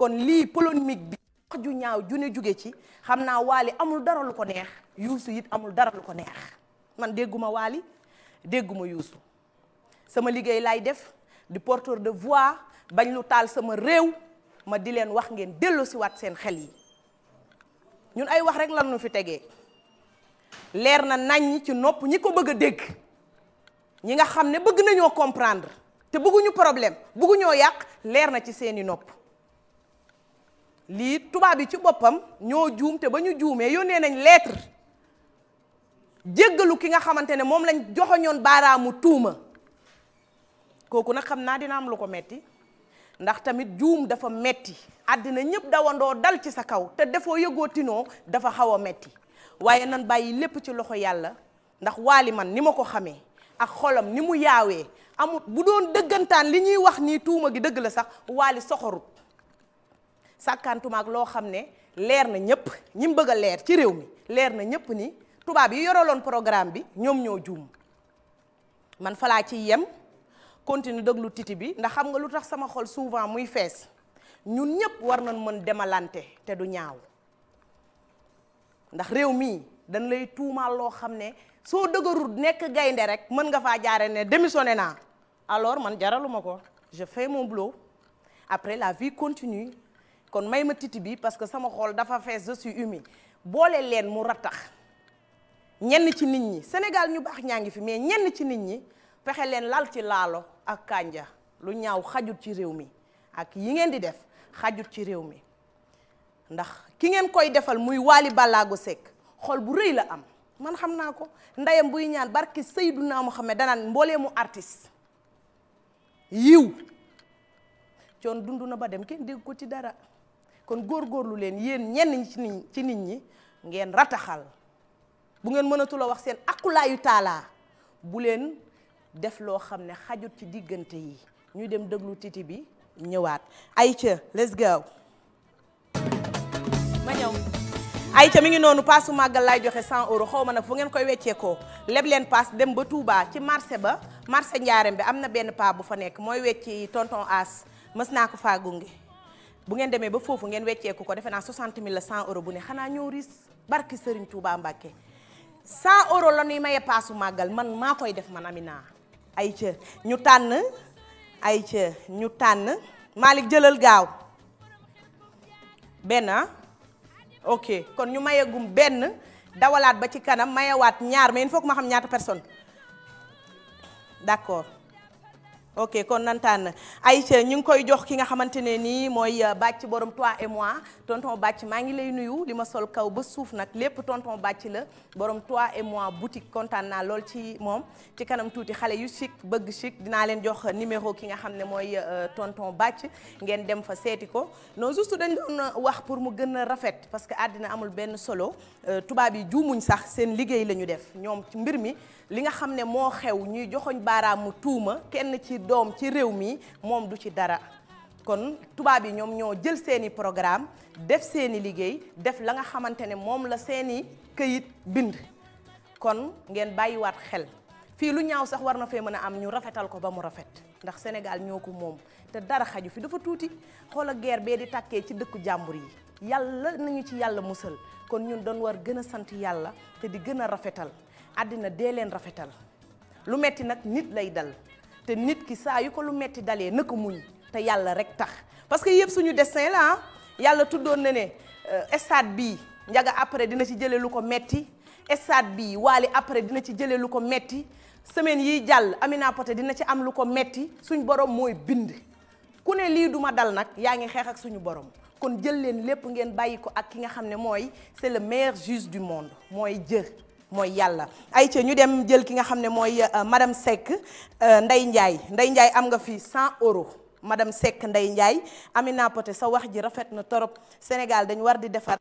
kon lii polémique bi wax ju ñaaw ju ne jóge ci xam naa waali amul dara lu ko neex yuusu it amul dara lu ko neex man dégguma waali dégguma yuusu sama liggéey laay def di porteur de voix bañ lu taal sama réew ma di leen wax ngeen delloosiwaat seen xel yi ñun ay wax rek lan nu fi tegee leer na nañ ci nopp ñi ko bëgg a dégg ñi nga xam ne bëgg nañoo comprendre te bëgguñu problème bëgguñoo yàq leer na ci seeni nopp lii tubaab yi ci boppam ñoo juum te ba ñu juumee yónnee nañ lettre jéggalu ki nga xamante ne moom lañ joxoñoon baaraamu tuuma kooku nag xam naa dina am lu ko metti ndax tamit juum dafa metti àddina ñëpp dawandoo dal ci sa kaw te defoo yëgoo tinoo dafa xaw a metti waaye nan bàyyi lépp ci loxo yàlla ndax waali man ni ma ko xamee ak xolam ni mu yaawee amut bu doon dëggantaan li ñuy wax nii tuuma gi dëgg la sax waali soxorut sàkkantumaak loo xam ne leer na ñëpp ñim mu bëgg a leer ci réew mi leer na ñëpp ni tubaab yi yoroloon programme bi ñoom ñoo juum man falaa ci yem continue déglu titi bi ndax xam nga lu tax sama xol souvent muy fees ñun ñëpp war na mën demalante te du ñaaw ndax réew mii dañ lay tuumaal loo xam ne soo dëgërul nekk gaynde rek mën nga faa jaare ne démissionné naa alors man jaraluma ko je fais mon boulot après la vie continue kon may ma titi bi parce que sama xol dafa fees je suis humide boole leen mu rattax ñenn ci nit ñi Sénégal ñu baax ñaa ngi fi mais ñenn ci nit ñi fexe leen lal ci laalo ak kànja lu ñaaw xajut ci réew mi ak yi ngeen di def xajut ci réew mi ndax ki ngeen koy defal muy Waly Ballago Seck xol bu rëy la am man xam naa ko ndeyam buy ñaan barki Seydunaa Muhammad danaan mbooleemu artiste yiw coon dund na ba dem kenn dégg ko ci dara kon góor góorlu leen yéen ñenn ci nit ci nit ñi ngeen rataxal bu ngeen mënatula wax seen akkulaayu taalaa bu leen def loo xam ne xajut ci diggante yi ñuy dem déglu titi bi ñëwaat ay ayca let's go ma ñëw ayca mi ngi noonu paasu màggal laay joxe san euros xaw ma nag fu ngeen koy wecceekoo leb leen paas dem ba tuubaa ci marché ba marché Ndiarème bi am na benn paa bu fa nekk mooy wecci tonton As mës naa ko faa ngi bu ngeen demee ba foofu ngeen wecceeku ko defe naa 60 000 la 100 euros bu ne xanaa ñoo ris barki Serigne Touba Mbacke 100 euros la ñuy maye paasu màggal man maa koy def man Amina. ay ca ñu tànn ay ca ñu tànn Malick jëlal gaaw benn ah. ok kon ñu mayegum benn dawalaat ba ci kanam waat ñaar mais il faut que ma xam ñaata personne d'accord. ok kon nantaan na Aïcha ñu ngi koy jox ki nga xamante ne nii mooy euh, bàcc borom toi et mois tonton bàcc maa ngi lay nuyu li ma sol kaw ba suuf nag lépp tonton bàcc la borom toi et mois boutique kontaan naa lool ci moom ci kanam tuuti xale yu chic bëgg chic dinaa leen jox numéro ki nga xam ne mooy euh, tonton bàcc ngeen dem fa seeti ko non juste dañ doon euh, wax pour mu gën a rafet parce que àddina amul benn solo tubaab yi juumuñ sax seen liggéey la ñu def ñoom ci mbir mi li nga xam ne moo xew ñuy joxoñ baaraamu tuuma kenn ci doom ci réew mi moom du ci dara kon tubaab yi ñoom ñoo jël seeni programme def seeni liggéey def la nga xamante ne moom la seeni këyit bind kon ngeen bàyyiwaat xel fii lu ñaaw sax war na fee mën a am ñu rafetal ko ba mu rafet ndax Sénégal ñoo ko moom te dara xaju fi dafa tuuti xoola guerre bee di tàkkee ci dëkku jàmbur yi yàlla nañu ci yàlla musal kon ñun doon war gën a sant yàlla te di gën a rafetal àddina dee leen rafetal lu metti nag nit lay dal te nit ki saa yu ko lu metti dalee na ko muñ te yàlla rek tax parce que yëpp suñu destin la ah. yàlla tuddoon na ne euh, stade bii njaga après dina ci jëlee lu ko metti stade bii waali après dina ci jëlee lu ko metti semaine yiy jàll Amina Poté dina ci am lu ko metti suñ borom mooy bind ku ne lii duma dal nag yaa ngi xeex ak suñu borom kon jël leen lépp ngeen bàyyi ko ak ki nga xam ne mooy c'est le meilleur juge du monde mooy jë mooy yàlla ay ca ñu dem jël ki nga xam ne mooy euh, madame Seck euh, Ndey Ndiaye Ndey Ndiaye am nga fi 100 euros madame Seck Ndey Ndiaye Amina Poté sa wax ji rafet na torop Sénégal dañ war di defar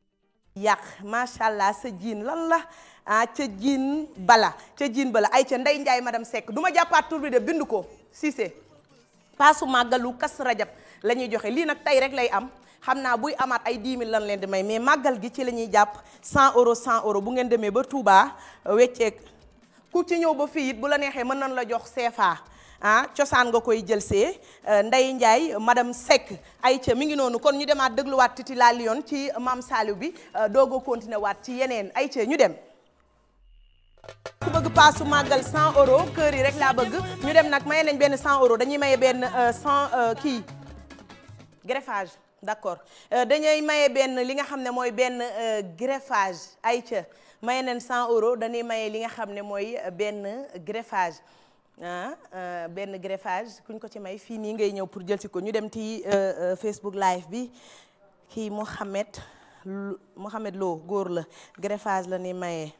yàq macha allah sa jiin lan la ah, ca jiin bala ca jiin bala ay ca Ndey Ndiaye madame Seck du ma jàppaat tur de bind ko Cissé paasu màggalu kas rajab la ñuy joxe lii nag tey rek lay am xam naa buy amaat ay 10 000 lan leen di may mais màggal gi ci la ñuy jàpp 100 euros 100 euros bu ngeen demee ba Touba euh, wecceeg ku ci ñëw ba fii it bu la neexee mën nañ la jox CFA. ah cosaan nga koy jël see euh, Ndeye Ndiaye madame Seck ay ca mi ngi noonu kon ñu demaat dégluwaat titi laa lion ci maam Saliou bi euh, doog a continuer waat ci yeneen ay ca ñu dem. ku bëgg paasu màggal 100 euros kër yi rek laa bëgg ñu dem nag maye nañ benn 100 euros dañuy may benn 100 kii greffage. d'accord euh, dañooy maye benn li nga xam ne mooy benn euh, greffage ay ca maye neen 100 euros dañuy maye li nga xam ne mooy euh, benn greffage ah benn greffage kuñ ko ci may fii nii ngay ñëw pour jël si ko ñu dem ci Facebook live bi kii Mohamed Mohamed Lo góor la greffage la ni maye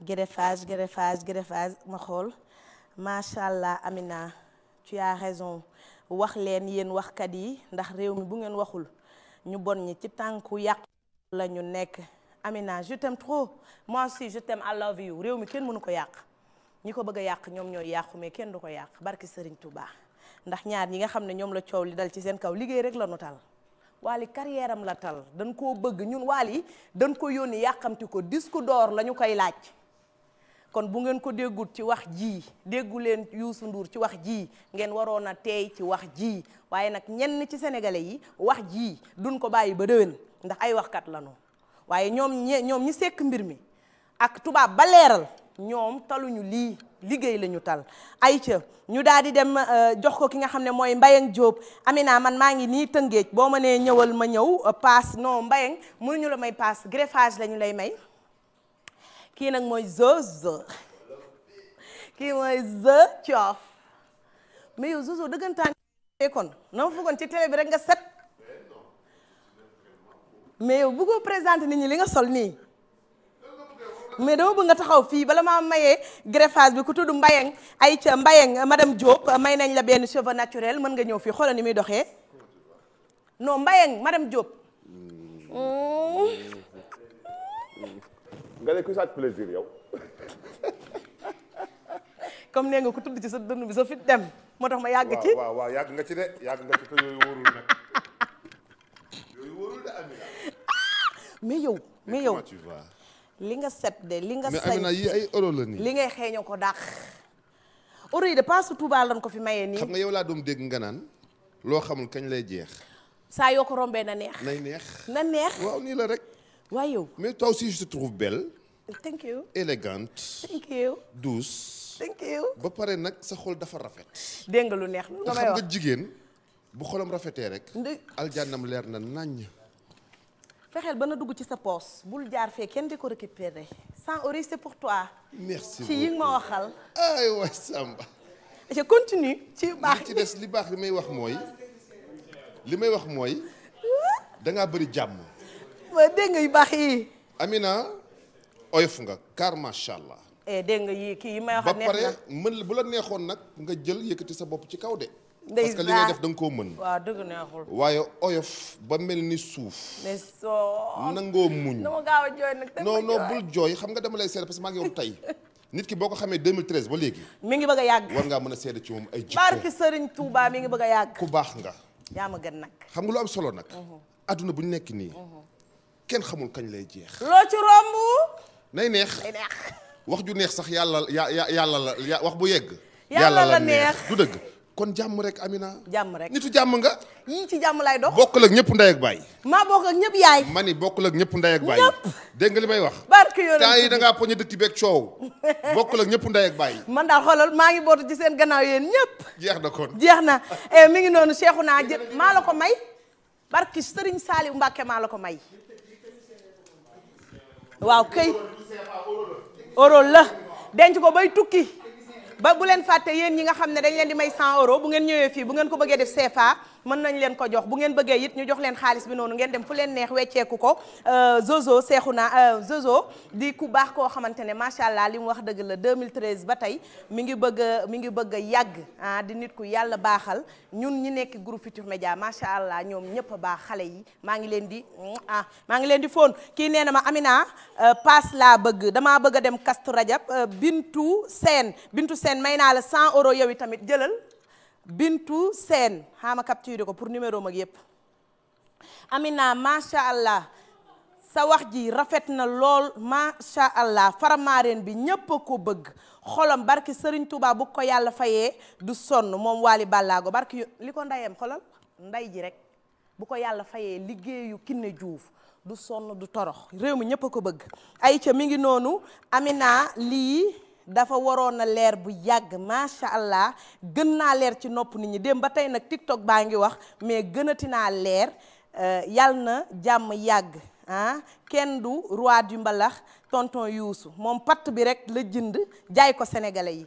greffage greffage greffage ma xool macha allah Amina tu raison. wax leen yéen waxkat yi ndax réew mi bu ngeen waxul ñu bon ñi ci tànku yàq la ñu nekk Amina je t'aime trop moi aussi je t'aime I love you réew mi kenn mënu ko yàq ñi ko bëgg a yàq ñoom ñooy yàqu mais kenn du ko yàq barki Serigne Touba ndax ñaar ñi nga xam ne ñoom la coow li dal ci seen kaw liggéey rek la nu tal waali carrière am la tal dañ koo bëgg ñun waali dañ ko yónni yàqamti ko disque door la ñu koy laaj kon bu ngeen ko déggut ci wax jii déggu leen Youssou Ndour ci wax jii ngeen waroon a teey ci wax jii waaye nag ñenn ci sénégalais yi wax jii duñ ko bàyyi ba déwén ndax ay waxkat lañu waaye ñoom ñe ñoom ñi sekk mbir mi ak tubaab ba leeral ñoom taluñu lii liggéey lañu tal ay ca ñu daal di dem euh, jox ko ki nga xam ne mooy Mbayang Diop Amina man maa ngi nii Tëngéej boo ma nee ñëwal ma ñëw euh, paas non Mbayang mënuñu la may paas greffage la ñu lay may kii nag mooy Zozo kii mooy The Thiof mais yow Zozo dëggantaan kon na ci télé bi rek nga set mais yow bëggoo présenter nit ñi li nga sol nii mais dama bëgg nga taxaw fii bala maa mayee greffage bi ku tudd Mbayang ay ca Mbayang madame Diop may nañ la benn cheveux naturel mën nga ñëw fii xoola ni muy doxee non Mbayang madame Diop. Mm. Mm. nga ne ku sàcc plaisir yow. comme nee nga ko tudd ci sa dënn bi sa fit dem moo tax ma yàgg ci waaw waaw yàgg nga ci de yàgg nga ci te yooyu wóorul nag yooyu wóorul de Amina. Ah! yow mais yow li nga set de li nga. say mais Amina ay euro la nii. li ngay xeeña ko dàq. euro yi de paasu Touba lañ ko fi mayee nii. xam nga yow laa doom dégg nga naan loo xamul kañ lay jeex. saa yoo ko rombee na neex. nay neex na neex. waaw nii la rek. waaye yow. mais toi aussi je te trouve belle. thank you élégante. thank you ba pare nag sa xol dafa rafet. dégg lu neex lu xam nga jigéen bu xolam rafetee rek. aljaanam leer na naññ. fexeel ba na dugg ci sa poos bul jaar fee kenn di ko récupérer. 100 euros c'est pour ci yi ma waxal. ay waay Samba. je continue ci baax des li baax li may wax mooy li may wax mooy da ngaa jàmm. yu baax yi. Amina. oyof nga car macha allah. E, dégg nga yii kii yi may wax ba pare bu la neexoon nag nga jël yëkkati sa bopp ci kaw de. parce que li def da nga koo mën. waaw dëgg neexul. waaye oyof ba mel ni suuf. ne soo. nangoo muñ. dama a jooy nag non non bul jooy xam nga dama lay seet parce que maa ngi yow tey. nit ki boo ko xamee 2013 ba léegi. mi ngi bëgg a yàgg. war ngaa mën a seede ci moom ay jikko. barke Serigne Touba mi ngi bëgg a yàgg. ku baax nga. yaa ma gën nag. xam nga lu am solo nag. Mhm. adduna bu ñu nekk nii. Mhm. kenn xamul kañ lay jeex. loo ci romb. nay neex nay wax ju neex sax yàlla ya yàlla la wax bu yegg. yàlla la neex du dëgg. kon jàmm rek Amina. jàmm rek ñu tu jàmm nga. yii ci jàmm lay dox. bokkul ak ñëpp ndey ak baay. maa bokk ak ñëpp yaay. ma ni bokkul ak ñëpp ndey ak baay. dégg nga li may wax. barke yore temps yi da ngaa poñi dëkk ak ñëpp ndey ak baay. man daal xoolal maa ngi bootu ci seen gannaaw yéen ñëpp. jeex na kon jeex na eh, mi ngi noonu Cheikhouna naa maa la ko may. barke Serigne Saliou Mbacke maa la ko may. waaw këy euro la denc ko bay tukki ba bu leen fàtte yéen ñi nga xam ne dañ leen di may 100 euro bu ngeen ñëwee fii bu ngeen ko bëggee def CFA mën nañ leen ko jox bu ngeen bëggee it ñu jox leen xaalis bi noonu ngeen dem fu leen neex wecceeku ko euh, Zozo seexu naa euh, Zozo di ku baax koo xamante ne macha allah li mu wax dëgg la 2013 ba tey mi ngi bëgg mi ngi bëgg a yàgg ah di nit ku yàlla baaxal ñun ñi nekk group Futurs Médias macha allah ñoom ñëpp a baax xale yi maa ngi leen di ah maa ngi leen di fóon kii nee na ma Amina euh, paas laa bëgg damaa bëgg dem Kastu Rajab Bintu Seen Bintu Seen may naa la 100 euros yow tamit jëlal. Bintu Sène xaama capturé ko pour numéro mag yëpp Amina macha allah sa wax ji rafet na lool macha allah faramaareen bi ñépp a ko bëgg xolam barki Serigne Touba bu ko yàlla fayee du sonn moom Waly Ballago barki li ko ndayem xolal nday ji rek bu ko yàlla fayee liggéeyu Kiné Diouf du sonn du torox réew mi ñépp a ko bëgg ay mi ngi noonu Amina lii dafa waroon a leer bu yàgg macha allah gën naa leer ci nopp nit ñi dem ba tey nag TikTok baa ngi wax mais gënati naa leer euh, yal na jàmm yàgg ah. kenn du roi du mbalax tonton Youssou moom patt bi rek la jënd jaay ko sénégalais yi.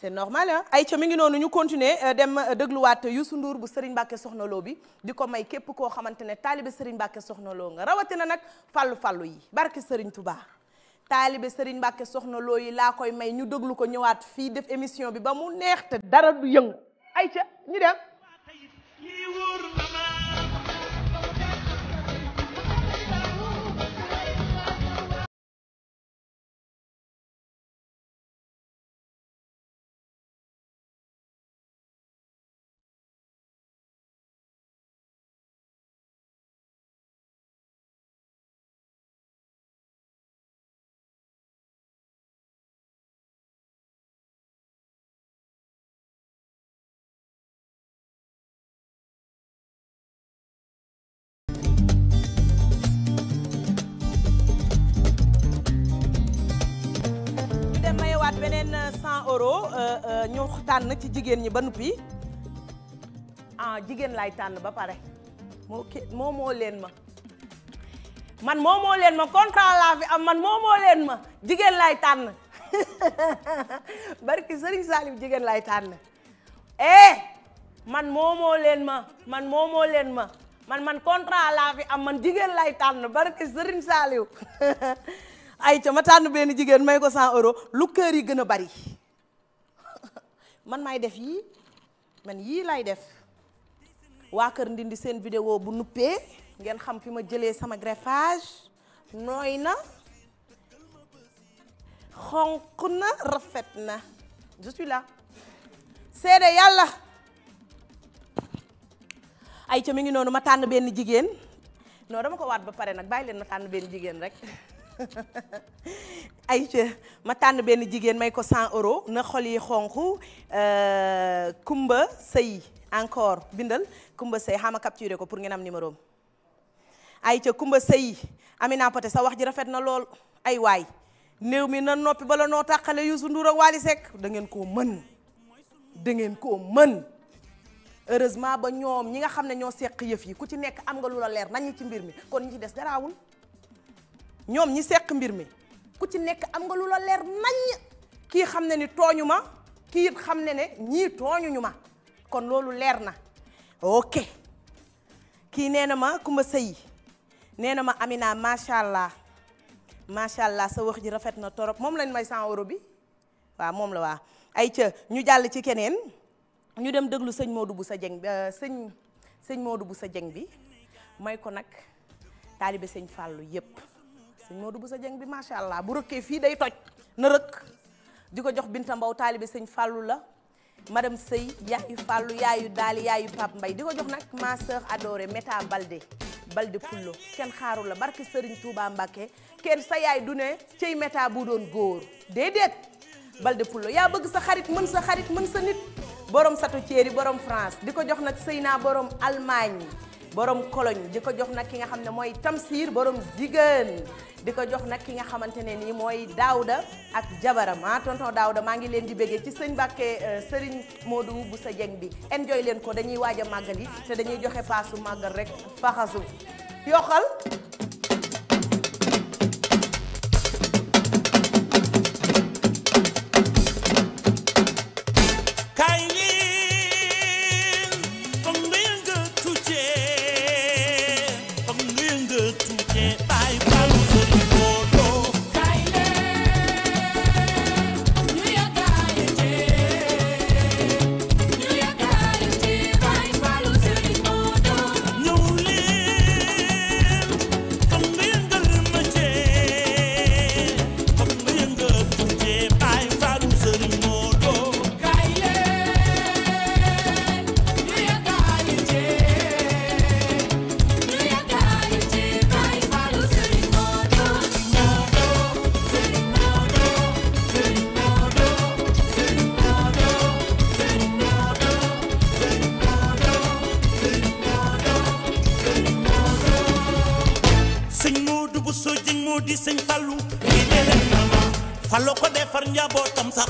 c'est normal ay Aïcha mi ngi noonu ñu continuer euh, dem euh, dégluwaat Youssou Ndour bu Serigne Mbacke Soxna Lo bi di ko may képp koo xamante ne taalibe Serigne Mbacke Soxna Lo nga rawatina nag fallu fallu yi barki Serigne Touba. taalibe Serigne Mbacke soxna loo yi laa koy may ñu déglu ko ñëwaat fii def émission bi ba mu neex te dara du yëngu ay ca ñu dem beneen 100 euh, euh, tànn ci jigéen ñi ba nuppi ah jigéen lay tànn ba pare moo kii moo moo leen ma man moo moo leen ma contrat laa fi am man moo moo leen ma jigéen lay tànn barki Serigne Salim jigéen laay tànn eh man moo moo leen ma man man man contrat laa fi am man jigéen laay tànn barki Serigne Salim ay ca ma tànn benn jigéen may ko 100 euros lu kër yi gën a bari man may def yii man yii lay def waa kër ndindi seen vidéo bu nuppee ngeen xam fi ma jëlee sama greffage nooy na xonq na rafet na je suis yàlla ay ca mi ngi noonu ma tànn benn jigéen non dama ko waat ba pare nag bàyyi leen ma tànn benn jigéen rek ayca ma tànn benn jigéen may ko 100 euro na xol yi xonq euh, Kumba Sey encore bindal Kumba Sey xaama capturé ko pour ngeen am numéro am ayca Kumba Sey Amina Poté sa wax ji rafet na lool ay waay néew mi na noppi bala noo tàqale Youssou Ndour ak Wally Seck da ngeen koo mën da ngeen koo mën heureusement ba ñoom ñi nga xam ne ñoo seq yëf yi ku ci nekk am nga lu la leer nañu ci mbir mi kon ñi ci des garaawul ñoom ñi seq mbir mi ku ci nekk am nga lu la leer naññ kii xam ne ni tooñu ma kii it xam ne ne ñii tooñuñu ma kon loolu leer na ok kii nee na ma Kumba Sëy nee na ma Amina macha allah macha allah sa wax ji rafet na torop moom lañ may 100 euro bi waaw moom la waa ay ca ñu jàll ci keneen ñu dem déglu sëñ Modou bu sa jeng euh, sëñ sëñ Modou bu sa jeng bi may ko nag taalibe sëñ Fàllu yépp sëñ Modou sa Dieng bi macha allah bu rëkkee fii day toj na rëkk di ko jox Binta Mbaw taalibe sëñ Fallou la madame sëy yaayu Fallou yaayu Daali yaayu Pape mbay di ko jox nag ma sœur adorée Meta Balde Balde Pullo kenn xaaru la barke Serigne Touba Mbakke kenn sa yaay du ne cey Meta bu doon góor déedéet Balde Pullo yaa bëgg sa xarit mën sa xarit mën sa nit borom sato ceeri borom France di ko jox nag sëy naa borom Allemagne. borom Cologne di ko jox nag ki nga xam ne mooy Tamsir borom Zigane di ko jox nag ki nga xamante ne nii mooy Daouda ak jabaram ah tonton Daouda maa ngi leen di béggee ci sëñ Mbàkke moo euh, Modou bu sa jeng bi enjoy leen ko dañuy waaj a màggal yi te dañuy joxe paasu màggal rek faxasu yoxal di sëñ Fallu di dele faloo ko defar njabootam sax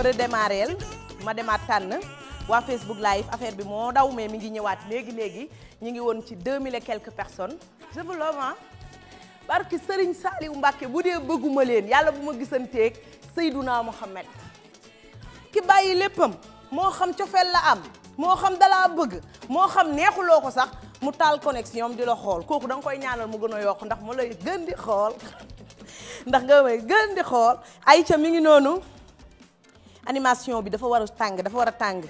ma redémarreel ma demaat tànn waa Facebook live affaire bi moo daw mais mi ngi ñëwaat léegi léegi ñu ngi woon ci 2000 et quelques personnes je vous love barki Serigne Saliou bu dee bëgguma leen yàlla bu ma gisanteeg Seydouna Mohamed ki bàyyi léppam moo xam cofeel la am moo xam dalaa bëgg moo xam neexuloo ko sax mu taal connexion am di la xool kooku da nga koy ñaanal mu gën a yokk ndax mu lay gën di xool ndax nga may gën di xool ay ca mi ngi noonu animation bi dafa war a tàng dafa war a tàng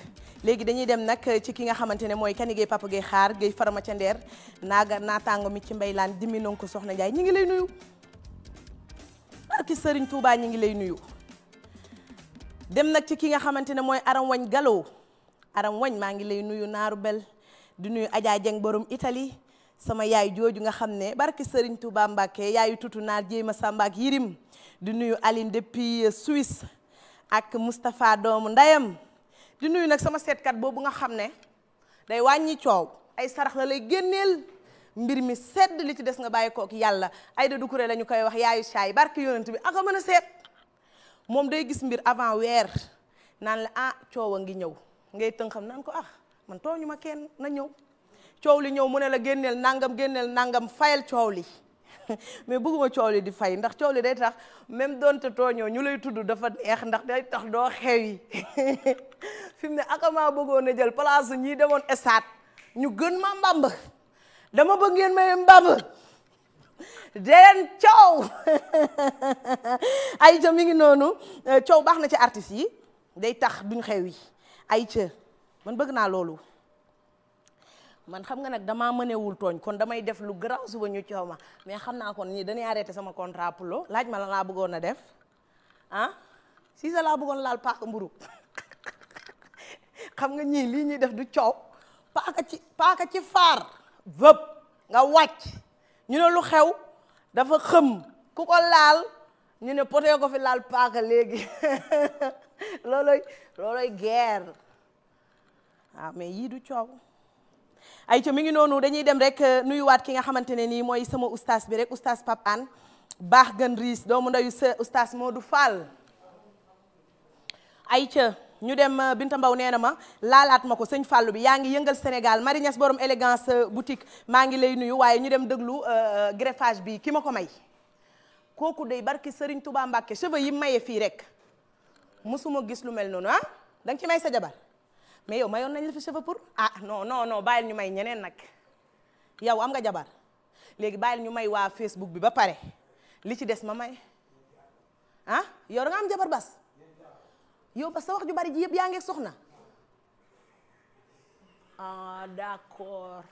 léegi dañuy dem nag ci ki nga xamante ne mooy Kanigé Papa Gueye xaar Gueye farama ca ndeer naaga naataango mi ci mbeylaan dimmi non ko soxna Ndiaye ngi lay nuyu barki Serigne ngi lay nuyu dem nag ci ki nga xamante ne mooy aram wañ galoo maa ngi lay nuyu naaru bel di nuyu Adja Dieng borom Italie sama yaay jooju nga xam ne barki Serigne Touba Mbacke yaayu tutu naar jéema Samba ak Yirim di nuyu Aline depuis Suisse ak Moustapha doomu ndeyam di nuyu nag sama seetkat boobu nga xam ne day wàññi coow ay sarax la lay génneel mbir mi sedd li ci des nga bàyyi kook yàlla ay da du kuré la ñu koy wax yaayu saay barke yonent bi aka mën a seet moom day gis mbir avant weer naan la ah coow a ngi ñëw ngay tënkam naan ko ah man ñu ma kenn na ñëw coow li ñëw mu ne la génneel nangam génneel nangam fayal coow li mais bëgguma coow li di fay ndax coow li day tax même donte tooñoo ñu lay tudd dafa neex ndax day tax doo xew yi fi ne akamaa bëggoon a jël place ñuy demoon estaat ñu gën ma mbamb dama bëgg ngeen may mbamb deen coow ay ca ngi noonu euh, coow baax na ci artistes yi day tax duñu xew yi ay ca man bëgg naa loolu man xam nga nag damaa mënewul tooñ kon damay def lu garaaw suba ñu coow ma mais xam naa kon ñii dañuy arrêté sama contrat pulo laaj ma la laa bëggoon a def ah sa laa bëggoon laal paaka mburu xam nga ñii lii ñuy def du coow paaka ci paaka ci faar vëb nga wàcc ñu ne lu xew dafa xëm ku ko laal ñu ne potee ko fi laal paaka léegi looloy looloy guerre waaw mais yii du coow ay ca mi ngi noonu dañuy dem rek euh, nuyuwaat ki nga xamante ne nii mooy sama ustaas bi rek ustaas Pape Hann baax gën riis doomu ndeyu sa ustaas Modou Fall ay ca ñu dem euh, Binta Mbaw nee na ma laalaat ma ko sëñ Fallou bi yaa ngi yëngal Sénégal Marie Niass borom élégance euh, boutique maa ngi lay nuyu waaye ñu dem déglu greffage bi ki ma ko may kooku day barki sëriñ Touba Mbacke cheveux yi maye fii rek mësuma gis lu mel noonu ah da ci may sa jabar mais yow mayoon nañ la fi chauffeur pour ah non non non bàyyil ñu may ñeneen nag yow am nga jabar léegi bàyyil ñu may waa Facebook bi ba pare li ci des ma may ah yow da am jabar bas yow bas sa wax ju bari ji yëpp yaa ngi soxna ah d'accord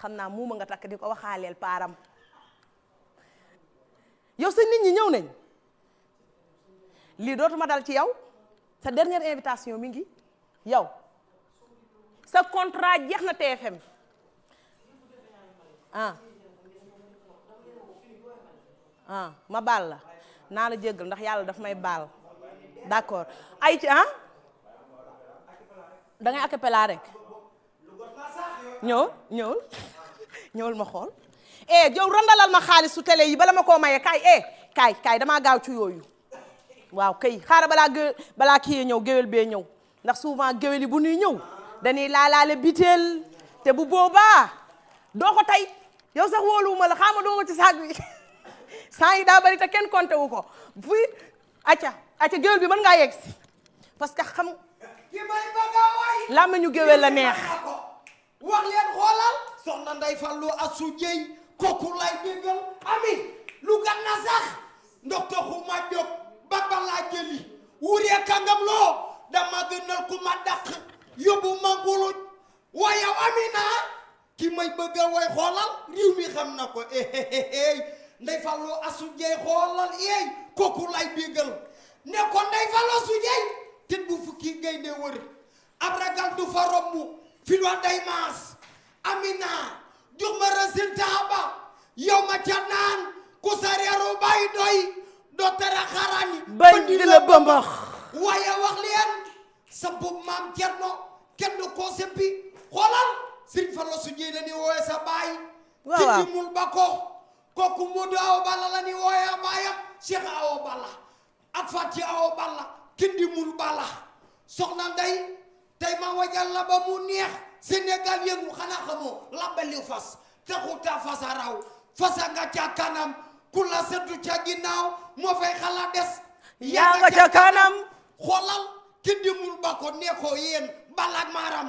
xam naa muuma nga takk di ko waxaaleel paaram yow sa nit ñi ñëw nañ lii dootuma dal ci yow sa dernière invitation mi ngi yow sa contrat jeex na TFM ah ah ma baal la naa la jéggal ndax yàlla daf may baal d'accord ay ci ah da ngay acapella rek ñëw ñëwul ñëwul ma xool eh jow randalal ma xaalis su télé yi bala ma koo maye kaay eh kaay kaay damaa gaaw ci yooyu waaw kay xaaral balaa gë balaa kii yee ñëw géwél bee ñëw ndax souvent géwél yi bu nuy ñëw dañuy laalaale biteel te bu boobaa doo ko tey yow sax wóoluwuma la xaama doo ko ci saag bi saa yi daa bari te kenn compté wu ko fi acca acca géwél bi mën ngaa yegg si parce que xam làmmiñu géwél la neex wax leen xoolal soxna nday fàllu asu jëy kooku lay déggal ami lu gan na sax ku ma dàq yóbbu manguluj waaye yow Amina ki may bëgg a xoolal réew mi xam na ko éééy eh, eh, eh, nday fallu asu jeey xoolal éey kooku lay béggal ne ko nday fallu asu jeey fukki gaynde wër ab ragal du fa romb fi doon day maas Amina jox ma résultat ba yow ca naan ku sa reeru bàyyi doy doo tere xaraani bañ di la bëmbax waaye wax leen sa bub maam Cerno kenn du ko seppi xoolal sëriñ Fallou su ñëy wooye sa baay waaw mul ba kooku Modou Awa Balla la wooye a baayam Cheikh Awa Balla ak Faty Awa Balla kindi mul Balla soxna nday tey ma wajal la ba mu neex Sénégal yëngu xanaa xamoo labbali fas taxuta fasa raw fasa nga ca kanam ku la setu ca ginnaaw moo fay xala des yaa nga ca kanam xoolal kindi mul ba neexoo yéen Balak Maram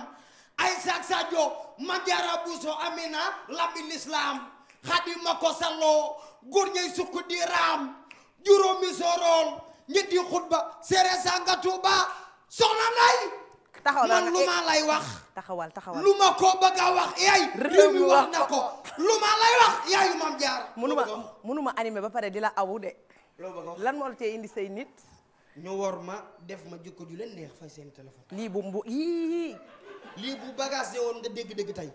Isaac Sadio Madiara Bousso Amina Lambi Lislaam Xadima ko salloo góor ñay sukk di raam juróomi sorool ñetti xutba seere sanga Tuuba soxna lay taxawal man lu e- ma lay wax. taxawal taxawal lu ma ko bëgg a wax wax na lu ma lay jaar. munuma munuma animé ba pare di la awu de. lan moo la indi say nit. ñu wor ma def ma jikko ju leen neex fay seen téléphone. lii bu mbu yii. lii bu bagage woon nga dégg-dégg tey.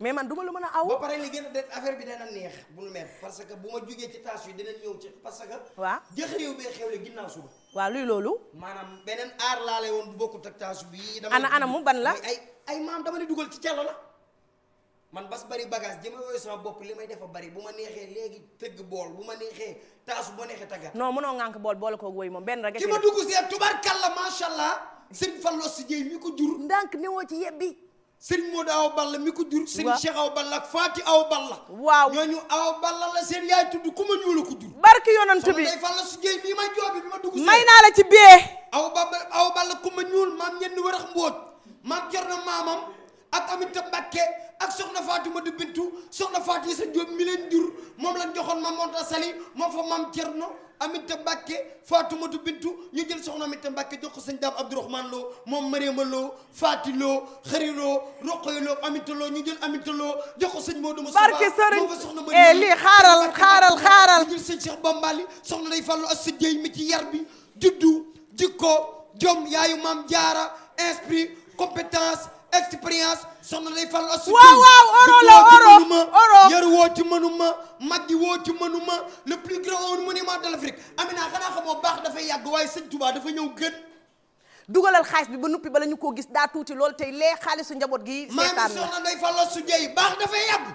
mais man duma lu mën a aw. ba pare li gën a def affaire bi dana neex bul mer parce que bu ma jugee ci tâche yi dina ñëw ci parce que. waaw jëx réew bee xewle ginnaaw suba. waaw luy loolu. maanaam beneen aar laale woon bu bokkut ak tâche bi. dama ana ana mu ban la ay ay maam dama ne dugal ci cello la. man bas bari bagage jëme wooyu sama bopp li may defa bari bu ma neexee léegi tëgg bool bu ma neexee taasu bu ma neexee taggat non mënoo ngànk bool boole ko woy moom benn rek ki ma dugg see tubarkalla macha allah sëñ Fallo si Dieye mi ko jur ndànk ne woo ci yebbi sëñ Modou aw balla mi ko jur sëñ Cheikh aw balla ak Faati aw balla waaw ñooñu aw balla la seen yaay tudd ku ma ñuul a ko jur barki yonant bi sëñ Fallo si Dieye mii may joobi bi ma dugg see may naa la ci bee aw balla aw balla ku ma ñuul maam ñenn warax mbóot maam jor na maamam ak Aminata Mbacké ak soxna Fatou Madu Bintu soxna Fatou yi sa Jóob mi leen jur moom lañ joxoon Mame Mor Sali moom fa Mame Cerno Aminata Mbacké Fatou Madu Bintu ñu jël soxna Aminata Mbacké jox ko sëñ Daam Abdourahmane Lo moom Mariama Lo Faati Lo Xari Lo Lo Aminata Lo ñu jël Aminata Lo jox ko sëñ Modou Moussa barke sëriñ soxna ma eh, lii xaaral xaaral xaaral ñu jël sëñ Cheikh Bambali soxna day fàllu ak sa jëy mi ci yar bi juddu jikko jom yaayu maam jaara esprit compétence expérience soxna day fal a sutu waaw waaw oro la oro oro yar woo ci mënuma maggi woo ci mënuma le plus grand monument de l'Afrique Amina xanaa xamoo baax dafay yàgg waaye sëñ Touba dafa ñëw gën dugalal xaalis bi ba nuppi bala ñu koo gis daa tuuti loolu tey lee xaalisu njaboot gi seetaan day fal a su jeey baax dafay yàgg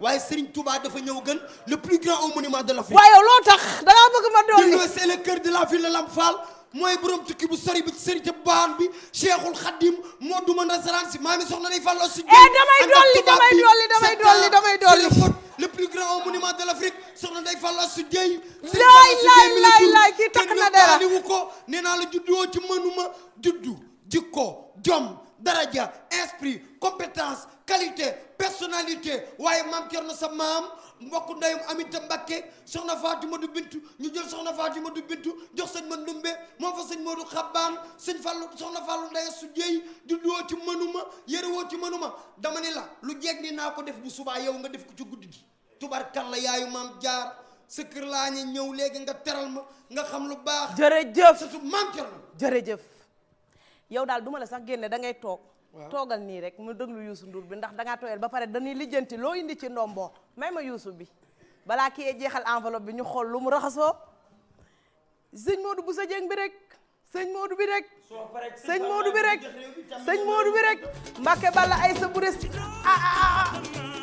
waaye Serigne Touba dafa ñëw gën le plus grand monument de l'Afrique waaye loo tax da bëgg ma doon c'est le cœur de la ville Lamp Fall mooy borom tukki bu sori bi sëriñ te baax bi Cheikhul Khadim moo duma nasaraan si maami soxna day fàlloo si. damay dolli damay dolli damay dolli damay dolli le plus grand monument de l'Afrique soxna day na ko nee naa la juddoo ci mënuma juddu jikko jom daraja esprit compétence qualité personnalité waaye maam na sa maam. mbokk ndeyum Aminta Mbakke soxna Faatimatu Bintu ñu jël soxna Faatimatu Bintu jox sëñ ma ndumbe moom fa sëñ Moodu Xabbaan sëñ Fallu soxna Fallu Ndeye su jeey di woo ci mënuma yëre woo ci mënuma dama ni la lu jeeg ni naa ko def bu subaa yow nga def ko ci guddi gi la yaayu maam jaar sa laa ñu ñëw léegi nga teral ma nga xam lu baax jërëjëf surtout maam teral jëf yow daal duma la sax génne da ngay toog toogal nii rek mu déglu Youssou Ndour bi ndax dangaa tooyal ba pare dañuy lijjanti loo indi ci ndombo may ma Youssou bi balaa kii jeexal enveloppe bi ñu xool lu mu raxasoo sëñ Modou bu sa jëng bi rek sëñ Modou bi rek sëñ Modou bi rek sëñ Modou bi rek Mbacke Balla ay sa bu res ah ah ah, ah.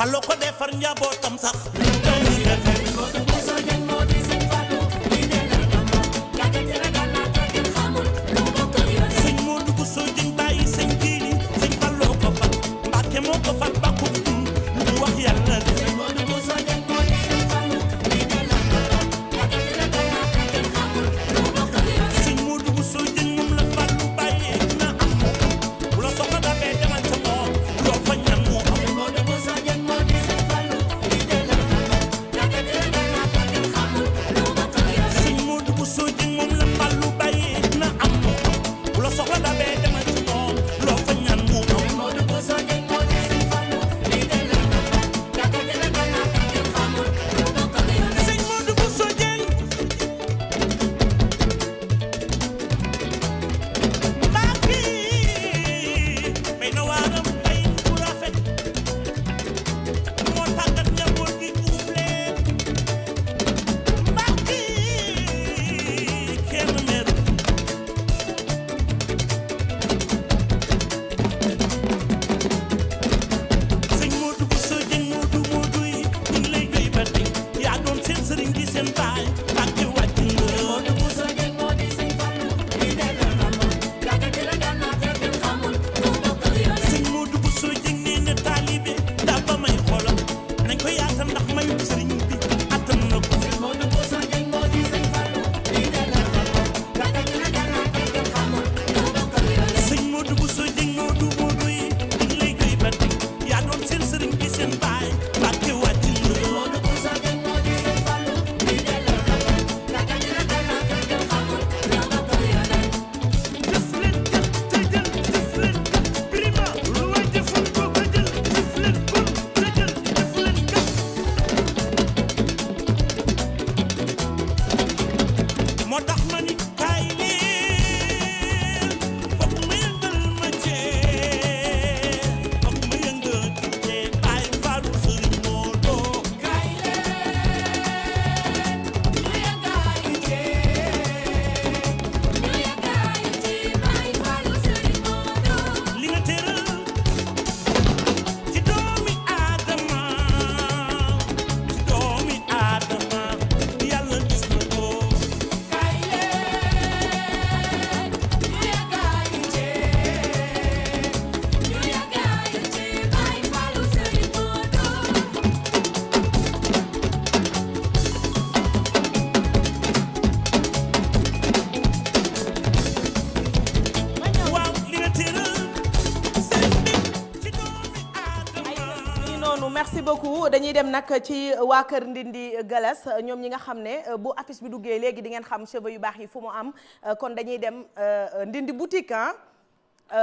xalo ko defar njabootam sax dañuy dem nag ci waa kër Ndindi Galas ñoom ñi nga xam ne bu affiche bi duggee léegi di ngeen xam cheveux yu baax yi fu mu am kon dañuy dem euh, Ndindi boutique ah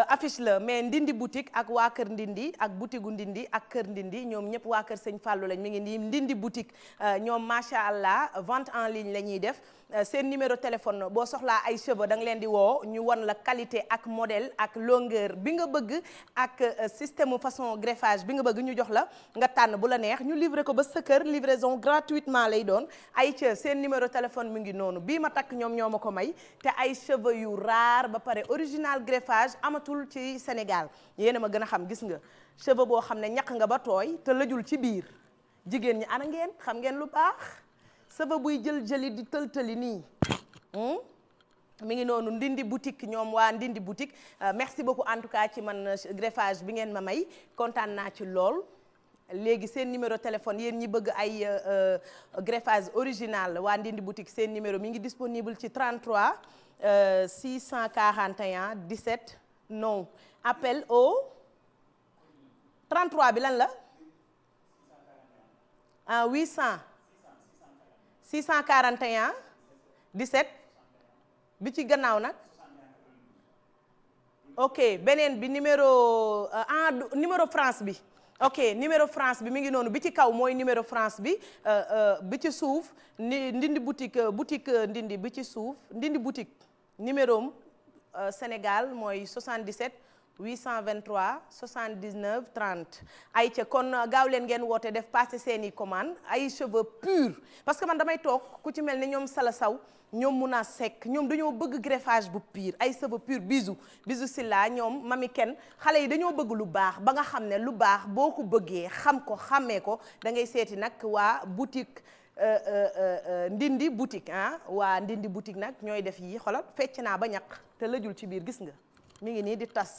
affiche la mais Ndindi boutique ak waa kër Ndindi ak boutique gu Ndindi ak kër Ndindi ñoom ñëpp waa kër Sëñ Fallou lañ mi ngi nii Ndindi boutique euh, ñoom macha allah vente en ligne la ñuy def. Euh, seen numéro téléphone boo soxlaa ay cheveux da leen di woo ñu won la qualité ak model ak longueur bi nga bëgg ak euh, système façon greffage bi nga bëgg ñu jox la nga tànn bu la neex ñu livrer ko ba sa kër livraison gratuitement lay doon ay ca seen numéro téléphone mu ngi noonu bii ma takk ñoom ñoo ko may te ay cheveux yu raar ba pare original greffage amatul ci Sénégal yéen a ma gën a xam gis nga cheveux boo xam ne ñaq nga ba tooy te lëjul ci biir jigéen ñi ngeen xam ngeen lu baax sava buy jël jëli di tëltëli nii hmm? mi ngi noonu ndindi boutique ñoom waa ndindi boutique euh, merci beaucoup en tout cas ci man euh, greffage bi ngeen ma may kontaan naa ci lool léegi seen numéro téléphone yéen ñi bëgg ay euh, greffage original waa ndindi boutique seen numéro mi ngi disponible ci 33 641 17 non appel au 33 bi lan la ah, 641 17 bi ci gannaaw nag ok beneen bi numéro euh, en numéro France bi ok numéro France bi mi ngi noonu bi ci kaw mooy numéro France bi euh, euh, bi ci suuf ni ndindi boutique boutique ndindi bi ci suuf ndindi boutique numéro Sénégal mooy 77 823 79 30 ay ca kon euh, gaaw leen ngeen woote def passé seeni commande ay cheveux pur parce que man damay toog ku ci mel ni ñoom sala saw ñoom mun a sekk ñoom dañoo bëgg greffage bu pur ay cheveux pur bisu bisu silla ñoom mami kenn xale yi dañoo bëgg lu baax ba nga xam ne lu baax boo ko bëggee xam ko xàmmee ko da ngay seeti nag waa boutique euh, euh, ndindi boutique ah waa ndindi boutique nag ñooy def yi xolal fecc naa ba ñaq te lëjul ci biir gis nga mi ngi nii di tas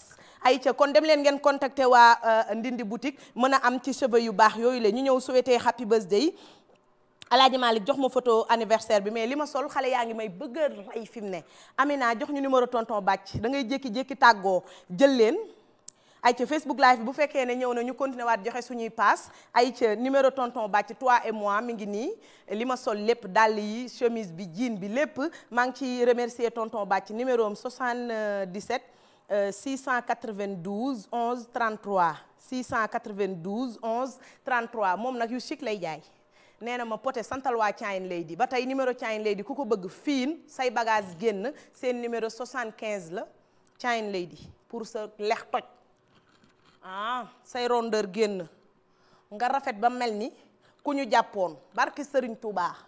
ayca kon dem leen ngeen contacter waa euh, Ndindi boutique mën a am ci cheveux yu baax yooyu la ñu ñëw souhaiter happy birthday Alaaji Malick jox ma photo anniversaire bi mais li ma sol xale yaa ngi may bëgg a rey fi mu ne Amina jox ñu numéro tonton bàcc da ngay jékki-jékki tàggoo jël leen ayca Facebook live bu fekkee ne ñëw na ñu continuer waat joxe suñuy paas ayca numéro tonton bàcc toi et mois mi ngi nii li ma sol lépp dàll yi chemise bi jean bi lépp maa ngi ciy remercier tonton bàcc numéro am 77 692 11 33 692 11 33 moom nag yu chic lay jaay nee na ma poté santal waa Thiayin di ba tey numéro Thiayin Lady ku ko bëgg fiin say bagage génn seen numéro 75 la Thiayin di pour sa lex toj ah say rondeur génn nga rafet ba mel ni ku ñu jàppoon barki Serigne Touba.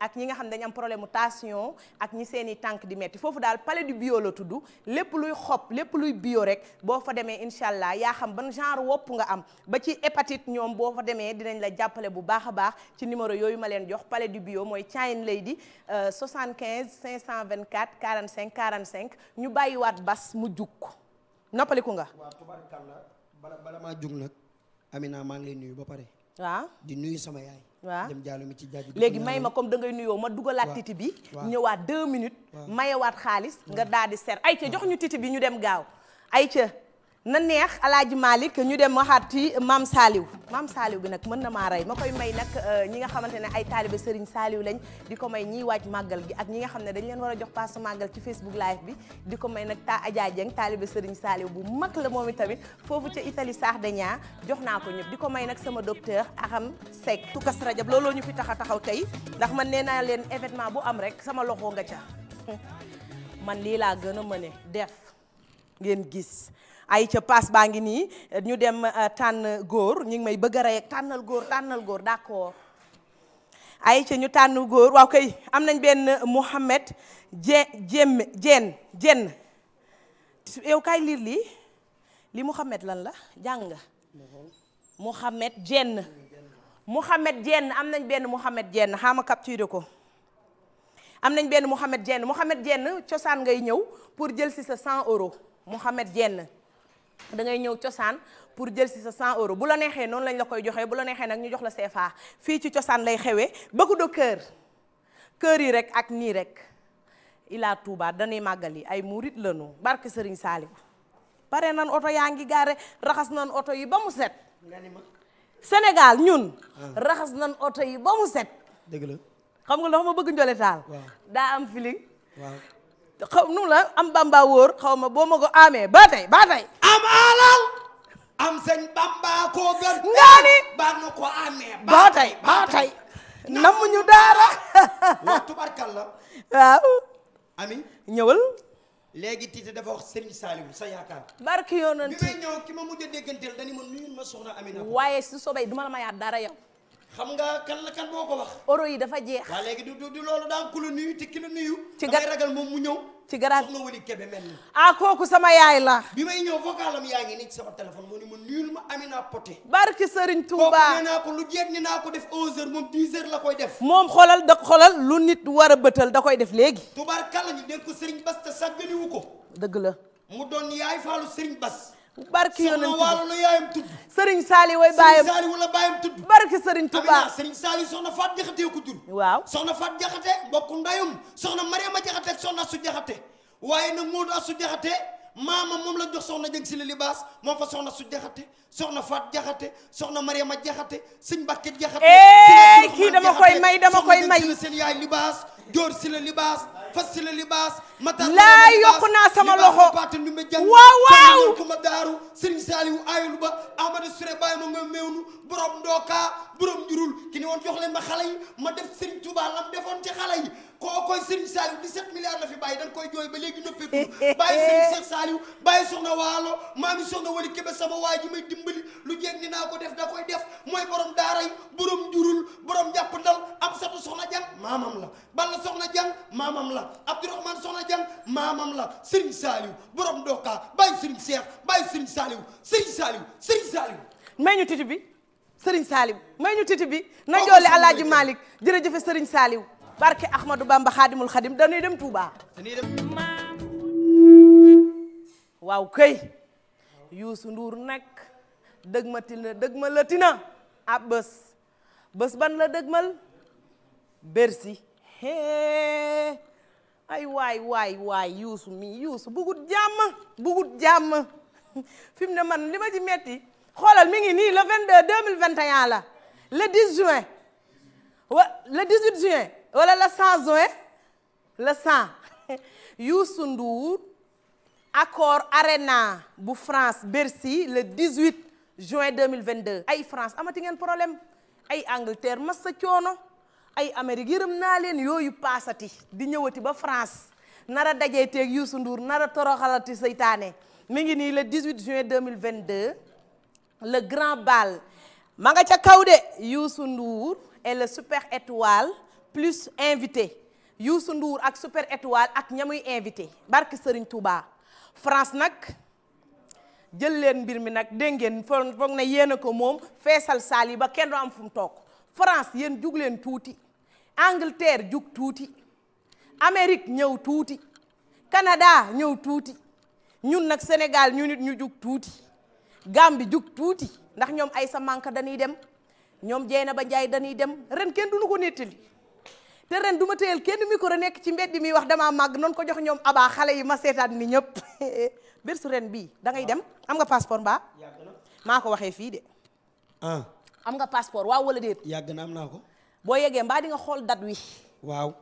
ak ñi nga xam dañ am problème mu tension ak ñi seen i tànk di metti foofu daal palais du bio la tudd lépp luy xob lépp luy bio rek boo fa demee incha allah yaa xam ban genre wopp nga am ba ci épatite ñoom boo fa demee dinañ la jàppale bu baax a baax ci numéro yooyu ma leen jox pale du bio mooy Chain Lady 75 524 45 45 ñu bàyyiwaat bas mu jukk noppaliku nga. waaw tubaarkàlla bala bala maa jug nag naa maa ngi lay nuyu ba pare. waaw di nuyu sama yaay. waaw dem jaalu mi ci jaaji léegi may ma comme da ngay nuyoo ma dugalaat titi bi ñëwaat deux minutes mayewaat xaalis nga daal di ser ay ca jox ñu titi bi ñu dem gaaw ay ca na neex alaaji Malick ñu dem waxaat ci maam Saliou maam Saliou bi nag mën na maa rey ma koy may nag euh, ñi nga xamante ne ay taalibe Serigne saaliw lañ di ko may ñiy waaj màggal gi ak ñi nga xam ne dañ leen war a jox pass màggal ci Facebook live bi di ko may nag ta Adja Dieng taalibe Serigne bu mag la moom itamit foofu ca Italie Sardinia jox naa ko ñëpp di ko may nag sama docteur Aram Seck tukas rajab looloo ñu fi tax a taxaw tey ndax man nee naa leen événement bu am rek sama loxo nga ca man lii laa gën a mën a def ngeen gis ay ca paas baa ngi nii ñu dem euh, tànn góor ñu may bëgg a rey tànnal góor tànnal góor d'accord ay ca ñu tànn góor waaw kay am nañ benn Mouhamed Dieng jenn Dieng Dieng yow kaay liir lii li Mouhamed lan la jàng nga Mouhamed Dieng Mouhamed am nañ benn Mouhamed jenn xaama capturé ko am nañ benn Mouhamed jenn Mouhamed Dieng cosaan ngay ñëw pour jël si sa 100 euros Mouhamed Dieng da ñëw cosaan pour jël si sa 100 euro bu la neexee noonu lañ la koy joxee bu la neexee nag ñu jox la CFA fii ci cosaan lay xewee beaucoup de cœur kër yi rek ak nii rek Ila Touba dañuy màggal yi ay murit lañu barke Serigne Saliou pare nan oto yaa ngi gaare raxas nan oto yi ba mu set. Sénégal ñun. Ah. raxas nan oto yi ba mu set. xam nga la ma bëgg njole taal. daa am feeling. waaw xaw nu la am bamba wóor xaw ma boo ma ko amee baa tey ba tey. am alal am sëñ Bamba koo gën ko amee ba tey ba tey namuñu daara waaw tubarkal la waaw amin ñëwal léegi tiite dafa wax Serigne Saliou sa yaakaar barki yoonanti bi may ñëw ki ma mujj a dañu ma nuyul ma soxna Amina waaye su soobee duma ma yaat dara yow xam nga kan la kan ko wax oro yi dafa jeex léegi du du loolu daan ku la nuyu te ki la nuyu ci ragal moom mu ñëw ci garage soxna Wali Kébé mel ni ah kooku sama yaay la bi may ñëw vocalam yaa ngi nii ci sama téléphone moo ni ma nuyul ma Amina Poté barki Serigne Touba ko lu jeeg ni naa ko def 11h moom 10h la koy def moom xoolal da xoolal lu nit war a bëtal da koy def léegi tubaar kàlla ñu dégg ko Serigne Bas te sàggani wu ko dëgg la mu doon yaay faalu Serigne Bas barki yonent wàllu la yaayam tudd Serigne Sali way baayam Serigne Sali wala baayam tudd barki Serigne Touba Amina Serigne Sali soxna Fat Jaxate ko jur waaw soxna Fat Jaxate bokku ndayum soxna Mariama Jaxate ak soxna su Jaxate waaye nag Modou Asu Jaxate maama moom la jox soxna jëng si la libaas moom fa soxna su jaxate soxna faat jaxate soxna mariama jaxate sëñ bàkket jaxate eh, kii dama koy may dama koy may soxna seen yaay libaas jóor si la libaas fas si la libaas mata laa yokk naa sama loxo paate ndumbe jàng waaw waaw kuma daaru sëriñ saaliwu aayulu ba amada sure bàyyi ma nga meewnu njurul ki ni woon jox leen ma xale yi ma def sëriñ tubaa lam defoon ci xale yi koo koy Serigne Saliou 17 milliards la fi bàyyi dañ koy jooy ba léegi noppeeku bàyyi Serigne Cheikh Saliou bàyyi soxna waalo maami soxna wali kebe sama waa ji may dimbali lu jéeg ni ko def da koy def mooy borom daara yi borom njurul borom jàpp ndal am satu na jang maamam la balla soxna jang maamam la Abdourahmane soxna jang maamam la Serigne Saliou borom doka bàyyi Serigne Cheikh bàyyi Serigne Saliou Serigne Saliou Serigne Saliou may ñu titi bi Serigne Saliou may ñu titi bi na joole Alaaji Malick jërëjëfe Serigne Saliou barke Ahmadou Bamba Xaadimul Xadim dañuy dem Touba. dañuy dem waaw kay Youssou Ndour nag dëgmatil na dëgmalati tina ab bés bés ban la dëgmal Bercy hee ay waay waay waay Youssou mi Youssou bugut jàmm bugut jàmm fi mu ne man li ma ci metti xoolal mi ngi nii le 22 2021 la le 10 juin wa le 18 juin wala le cent juin le cent Youssou Ndour accord arena bu France Bercy le 18 juin 2022 ay France amati ngeen problème ay Angleterre mas sa coono ay Amérique yërëm naa leen yooyu paasati di ñëwati ba France nara dajee teeg Youssou Ndour nara toroxalati seytaane mi ngi nii le 18 juin 2022 le grand bal ma nga ca kaw de Youssou Ndour et le super étoile plus invité Youssou nduur ak Super Étoile ak ñamuy invité barke Serigne Touba France nag jël leen mbir mi nag dégg ngeen foog na yéen a ko moom feesal saali ba kenn am fu mu toog France yéen jug leen tuuti Angleterre jug tuuti Amérique ñëw tuuti Canada ñëw tuuti ñun nag Sénégal ñu nit ñu jug tuuti gàmbi jug tuuti ndax ñoom ay sa manque dañuy dem ñoom na ba Njaay dañuy dem ren kenn duñu ko nettali te ren du kenn mi ko micro nekk ci mbedd mi wax damaa màgg noonu ko jox ñoom abaa xale yi ma seetaan ni ñëpp bersu ren bii da ngay dem am nga passeport mbaa maa ko waxee fii de ah. am nga passeport waaw wala déet yàgg na naa ko boo yeggee mbaa di nga xool date wi waaw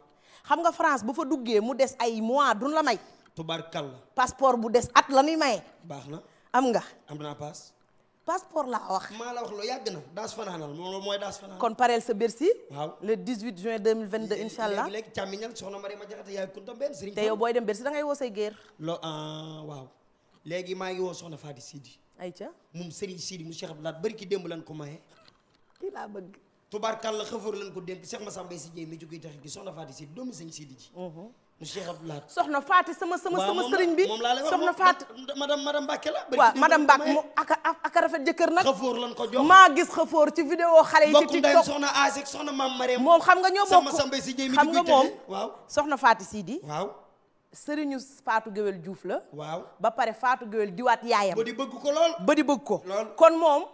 xam nga France bu fa duggee mu des ay mois duñ la may tubaarkalla passeport bu des at la nuy maye baax na am nga am naa passe passeport laa wax. maa la wax loolu yàgg na daas fanaanal loolu mooy daas fanaanal. kon pareel sa Bercy. le juin 2022 incha allah léegi léegi càmmiñal ah, léegi maa ngi woo soxna Fadi Sidi. ayca moom Serigne Sidi mu Cheikh Abdoulaye bari ki démb lan ko maye. kii laa bëgg. tubaarkàlla xëfër lan ko dénk Cheikh Massamba Sy Dieye mi jógee tax gi soxna Fadi Sidi doomu sëñ Sidi ji. Mhm. Cheikh Abdoulaye soxna Faati sama sama sama sëriñ bi soxna Faati madame madame Mbacke la waaw madame Mbacke mu ak ak rafet jëkkër nag xafoor lan ko jox maa gis xafoor ci vidéo xale yi ci TikTok soxna Asik soxna Mame Mariam moom xam nga ñoo bokk xam nga moom waaw soxna Faati Sidi di sëriñu Faatu Géwél juuf la waaw ba pare Faatu Géwél diwaat yaayam ba di bëgg ko lool ba di bëgg ko kon moom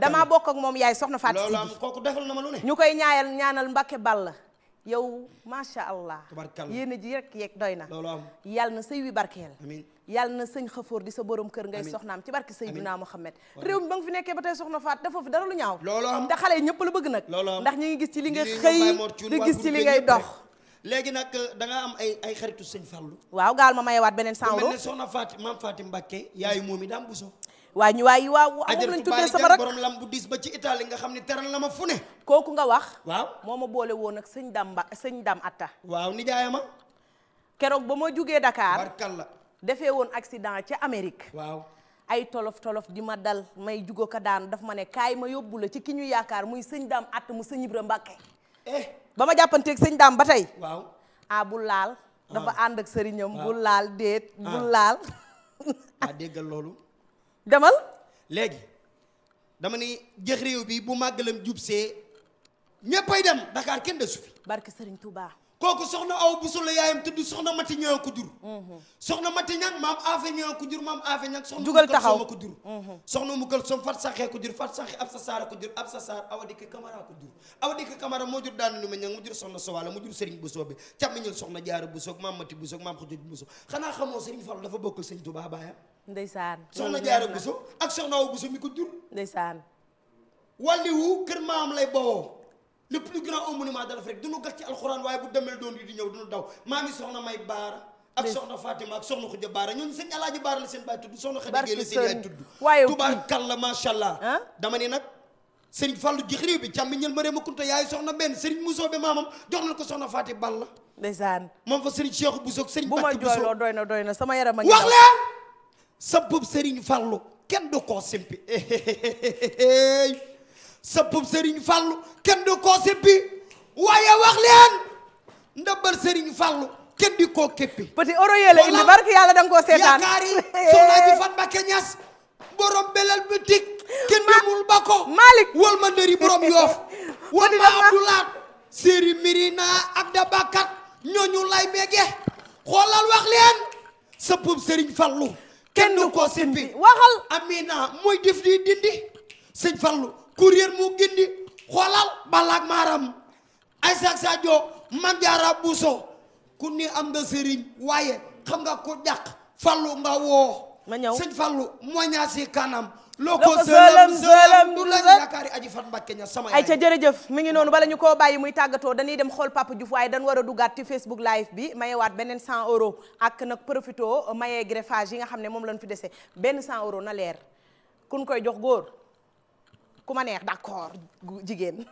damaa bokk ak moom yaay soxna Faati Sidi kooku defal na ma lu ñu koy ñaayal ñaanal bal la yow macha allah yéen a ji rek yeeg doy na yàlla na sëy wi barkeel yàlla na sëñ xafoor di sa borom kër ngay soxnaam ci barke Seydina Mohamed réew mi ba nga fi nekkee ba tey soxna faat dafa fi dara lu ñaaw loolu am te xale yi ñëpp la bëgg nag ndax ñu ngi gis ci li nga xëy di gis ci li ngay dox léegi nag euh, danga am ay ay xaritu sëñ Fallou waaw gaal ma waat beneen cent euros soxna faat maam faati Mbàkke yaayu moom i daam buso waaye ñu waaye waaw moom lañ tuddee sama rak borom lam bu diis ba ci Italie nga xam ne teral la ma fu ne kooku nga wax waaw moo ma boole woon ak sëñ dam ba sëñ dam atta waaw nijaayama keroog ba ma jugee Dakar barkalla defee woon accident ca Amérique waaw tolof tolof di ma dal may jugo ka daan daf ma ne kaay ma yóbbu la ci ki ñu yaakaar muy sëñ daam att mu sëñ Ibra Mbàkke eh. ba ma jàppanteek sëñ dam ba tey waaw ah, bu laal dafa ah. ànd ak sëriñam bu laal déet ah. bu laal ah déggal loolu demal. léegi dama ne jëx réew bi bu màgg jubsee ñëppay dem Dakar kenn desu fi. barke Serigne Touba. kooku soxna aw busu la yaayam tudd soxna mati ñoo ko jur mhm. soxna mati ñang maam aafe ñoo ko jur maam aafe ñang soxna ko jur mhm. soxna mu kal som fat saxee ko jur fat saxee ab sa saara ko jur sa saar awa dikk kamara ko jur awa dikk kamara moo jur daanu ni ma ñang mu jur soxna sowala mu jur sëriñ busoo bi càmmiñul maam mati busoog maam xanaa xamoo sëriñ Fallu dafa bokk sëriñ Tuubaa baayam ndeysaan soxna jaara Bousso ak soxna Awa Bousso mi ko jur ndeysaan wàlliwu kër maam lay bawoo le plus grand monument de l'Afrique duñu gat ci alxuraan waaye bu demee doon yi di ñëw duñu daw maam yi soxna may baara ak soxna Fatima ak soxna Khoudia Baara ñooñu sëñ Alaaji Baara la seen baay tudd soxna Khady Gueye la seen yaay tudd macha allah dama ne nag sëriñ Fallou Jixri bi càmmiñal ma réema kunta yaay soxna benn sëriñ Mousso bi maamam jox nañ ko soxna Faati Balla ndeysaan moom fa sëriñ Cheikh Bousso sëriñ bu ma jooyloo doy na doy na sama yaram a ngi sampub sëriñ fàllu kenn du koo simpi sampub sëriñ kenn du koo simpi waaye wax leen ndëmbal sëriñ fàllu kenn di koo képpi petit oro fan ba keñas borom belal bitik kenn demul ba ko Malick wal ma ndëri borom yoof wal ma abdoulaat mirina ak dabakat ñooñu lay mege xoolal wax leen sampub sëriñ fàllu kenn du ko simbi waxal Amina mooy def di dindi sëñ Fallu courrier mu gindi xoolal balaak maaram Aïssa Sadio Mam Jaara Buso ku ni am nga sëriñ waaye xam nga ko jàq Fallu nga woo ma Fallu moo kanam loo ko sëlëm sëlëm du la yaakaari aji fat Mbàkke ña sama ay ca jërëjëf mi ngi noonu bala ñu ko bàyyi muy tàggatoo dañuy dem xool Papa Diouf waaye dañ war a duggaat ci Facebook live bi mayewaat beneen 100 euros ak nag profito euh, mayee greffage yi nga xam ne moom lañ fi dese benn 100 euros na leer kun koy jox góor ku ma neex d'accord jigéen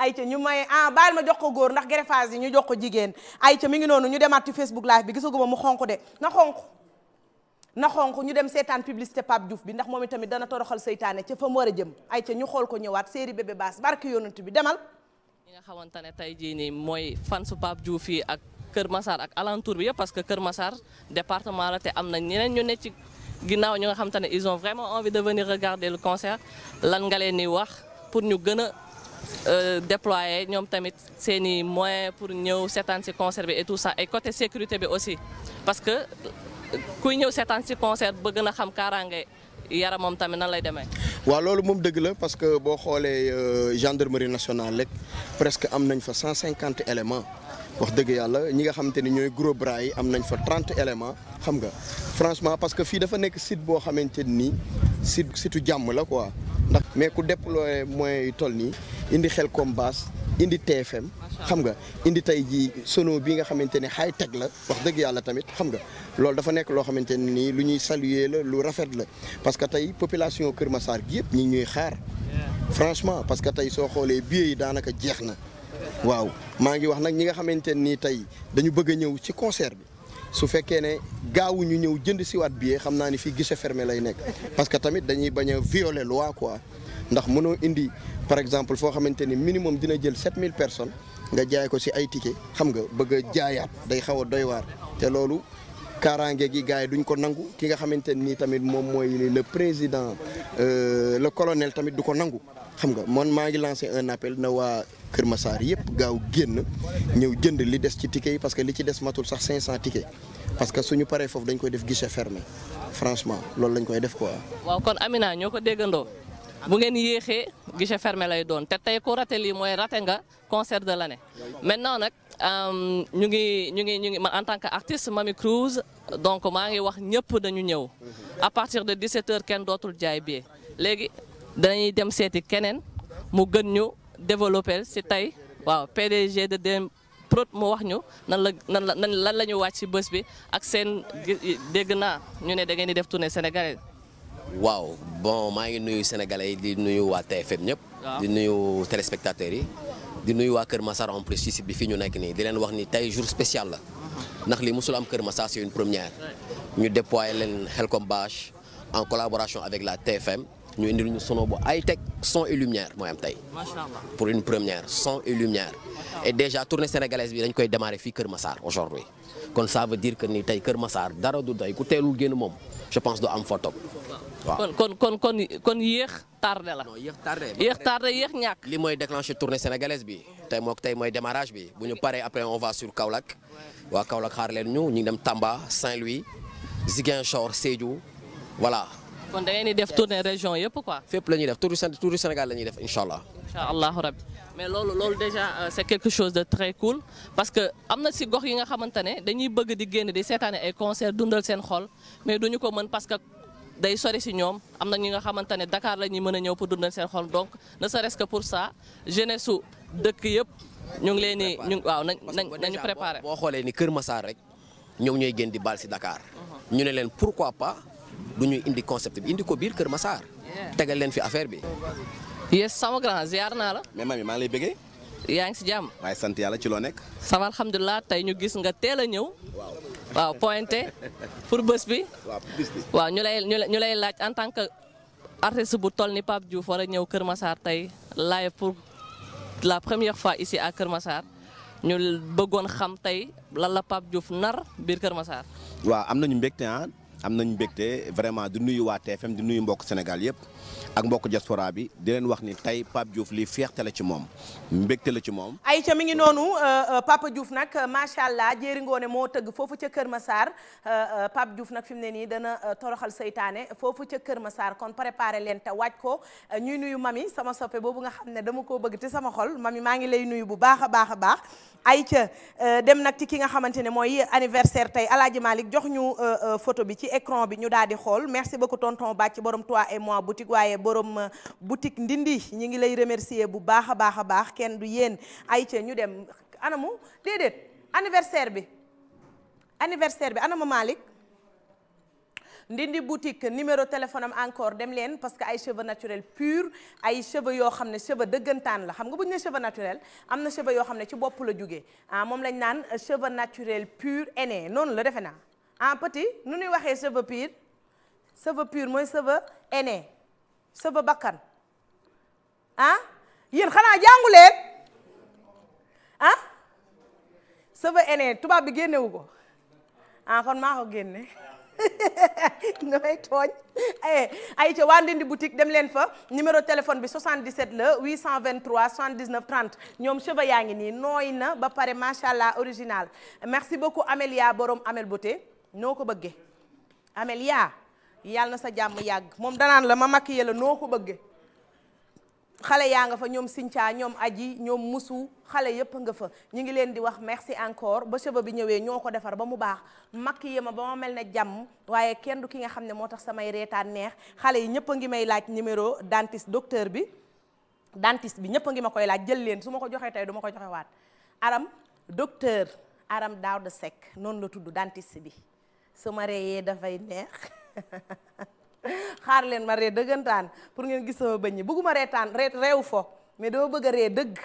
ay ayca ñu may ah baal ma jox ko góor ndax greffage yi ñu jox ko jigéen ayca mi ngi noonu ñu demaat ci Facebook live bi gisaguma mu xonq de na xonq na xonq ñu dem seetaan publicité Pape Diouf bi ndax moom itamit dana toroxal seytaane ca fa mu war a jëm ay ca ñu xool ko ñëwaat série bébé baas barke yonent bi demal ñi nga xamante ne tey jii nii mooy fan su Pape Diouf yi ak Kër Massar ak alentour bi yëpp parce que Kër Massar département la te am na ñeneen ñu ne ci ginnaaw ñu nga xamante ne ils ont vraiment envie de venir regarder le concert lan nga leen di wax pour ñu gën Euh, déployer ñoom tamit seen i moyens pour ñëw seetaan si concert bi et tout ça et côté sécurité bi aussi parce que kuy ñëw seetaan si concert bëgg na xam kaaraange yaram moom tamit nan lay demee. waa loolu moom dëgg la parce que boo xoolee euh, gendarmerie nationale rek presque am nañ fa cent cinquante éléments. wax dëgg yàlla ñi nga xamante ni ñooy gros bras yi am nañ fa trente éléments xam nga franchement parce que fii dafa nekk site boo xamante nii site situ jàmm la quoi. ndax mais ku déployé moyens yu toll nii indi xel comme base indi TFM xam nga indi tey jii sono bi nga xamante ne xaay teg la wax dëgg yàlla tamit xam nga loolu dafa nekk loo xamante nii lu ñuy saluer la lu rafet la parce que tey population Kër Massar gi yëpp ñi ñuy xaar franchement parce que tey soo xoolee bi yi daanaka jeex na waaw maa ngi wax nag ñi nga xamante nii tey dañu bëgg a ñëw ci concert bi su fekkee ne gaawuñu ñëw jënd si waat billet xam naa ni fii gise fermé lay nekk parce que tamit dañuy bañ a violer loi quoi ndax mënoo indi par exemple foo xamante ni minimum dina jël mille personnes nga jaay ko si ay ticket xam nga bëgg a jaayaat day xaw a doy waar te loolu kaaraange gi gars yi duñ ko nangu ki nga xamante nii tamit moom mooy le président euh, le colonel tamit du ko nangu xam nga man maa ngi lancé un appel na waa Kër Massar yëpp gaaw génn ñëw jënd li des ci ticket yi parce que li ci des matul sax 500 ticket parce que suñu paree foofu dañ koy def guichet fermé franchement loolu lañ koy def quoi. waaw kon Amina ñoo ko déggandoo bu ngeen yéexee guichet fermé lay doon te tey ku raté lii mooy raté nga concert de l'année maintenant nag ñu ngi ñu ngi ñu ngi man en tant que artiste Mamy Cruz donc maa ngi wax ñëpp dañu ñëw à partir de 17h kenn danañuy dem seeti keneen mu gën ñu développer si tey waaw PDG de DM Prod mu wax ñu nan la nan la lan la ñu wàcc si bés bi ak seen dégg naa ñu ne da ngeen di def tournée sénégalais. waaw bon maa ngi nuyu sénégalais yi di nuyu waa TFM ñëpp. di nuyu téléspectateurs yi. di nuyu waa Kër Massar en plus ci site bi fii ñu nekk nii di leen wax ni tey jour spécial la mhm. ndax li musul am Kër Massar c'est une première ñu déployer leen Helcom Bash en collaboration avec la TFM. ñu indil ñu sono bo ay teg son et lumière mooy am tey. pour une première son et lumière. et déjà tournée sénégalaise bi dañ koy démarrer fii Kër Massar aujourd'hui kon ça veut dire que ni tey Kër Massar dara du doy ku lu génn moom je pense du am photo waaw kon kon kon kon yéex tarde la. non yéex tardé yéex tardé yéex ñàkk. li mooy déclenché tournée sénégalaise bi tey mook tey mooy démarrage bi bu ñu pare après on va sur Kaolack waa Kaolack xaar leen ñu ñu ngi dem Tamba Saint-Louis Ziguinchor Sédhiou voilà. kon da ngeen di def tournée région yëpp quoi. fépp la ñuy def tour Sénégal la def incha allah. incha allahu rabbi mais loolu loolu déjà euh, c' quelque chose de très cool parce que am na si gox yi nga xamante ne dañuy bëgg di génn di seetaane ay concert dundal seen xol mais duñu ko mën parce que day sori si ñoom am na ñi nga xamante ne Dakar la ñuy mën a ñëw pour dundal seen xol donc ne serait-ce que pour ça jeunesse su dëkk yëpp ñu ngi leen di ñu waaw nañ nañu préparé. boo xoolee ni Kër Massar rek ñoom ñooy génn di baal si Dakar. Mhm. ñu du ñuy indi concept bi indi ko biir Kër Massar tegal leen fi affaire bi. yes sama grand ziar naa la. mais mami maa lay bëggee. yaa ngi si jàmm. waaye sant yàlla ci loo nekk. sama alhamdulilah tey ñu gis nga teel a ñëw. waaw waaw pour bés bi. waaw ñu lay ñu lay laaj en tant que artiste bu toll ni Pape Diouf war a ñëw Kër Massar tey live pour la première fois ici à Kër Massar ñu bëggoon xam tey lan la Pape Diouf nar biir Kër Massar. waaw am nañu mbégte ah. am nañ mbégte vraiment di nuyu waa TFM di nuyu mbokk Sénégal yëpp ak mbokk diaspora bi di leen wax ni tey Pape Diouf li fierté la ci moom mbégte la ci moom. ay ca mi ngi noonu euh, euh, Papa Diouf nag macha allah jéeri ngoone moo tëgg foofu ca Kër Massar euh, Pape Diouf nag fi mu ne nii dana toroxal seytaane foofu ca Kër saar kon préparé leen te waaj ko ñuy nuyu mami sama soppe boobu nga xam ne dama ko bëgg te sama xol mami maa ngi lay nuyu bu baax a baax a baax. ay ca euh, dem nag ci ki nga xamante ne mooy anniversaire tey alaaji Malick jox ñu euh, euh, photo bi ci écran bi ñu daal di xool merci beaucoup tonton Bàcc borom toi et mois boutique waaye borom boutique ndindi ñi ngi lay remercier bu baax a baax a baax kenn du yéen ay ñu dem anamu déedéet anniversaire bi anniversaire bi anama ndindi boutique numéro téléphone am encore dem leen parce que ay cheveux naturels pur ay cheveux yoo xam ne cheveux dëggantaan la xam nga bu ñu ne cheveux naturel am na cheveux yoo xam ne ci bopp la jógee ah moom lañ naan cheveux naturel pur ene noonu la defe naa en ah, petit nu nuy waxee cheveux pur cheveux pur mooy cheveux aîné cheveux bakkan ah yéen xanaa jàngu leen ah cheveux aîné tubaab bi génnewu ko ah kon maa ko génne nooy tooñ ay eh, ayca waa Ndindi boutique dem leen fa numéro téléphone bi 77 la 823 79 30 ñoom cheveux yaa ngi nii nooy na ba pare macha allah original merci beaucoup Amélia borom Amel Beauté noo ko bëggee Amélia yàlla sa jàmm yàgg moom danaan la ma makk yee la noo ko bëggee. xale yaa nga fa ñoom Sinthia ñoom Aji ñoom Musu xale yépp nga fa ñu ngi leen di wax merci encore ba cheveux bi ñëwee ñoo ko defar ba mu baax makki ma ba ma mel ne jàmm waaye kenn du ki nga xam ne moo tax samay reetaan neex xale yi ñëpp a ngi may laaj numéro dentiste docteur bi dentiste bi ñëpp a ngi ma koy laaj jël leen su ma ko joxee tey du ma ko joxewaat aram docteur aram daaw de sec noonu la tudd dentiste bi su ma reeyee dafay neex xaar leen ma ree dëggantaan pour ngeen gis sama bëñ yi bëgguma reetaan ree reew foo mais dama bëgg a ree dëgg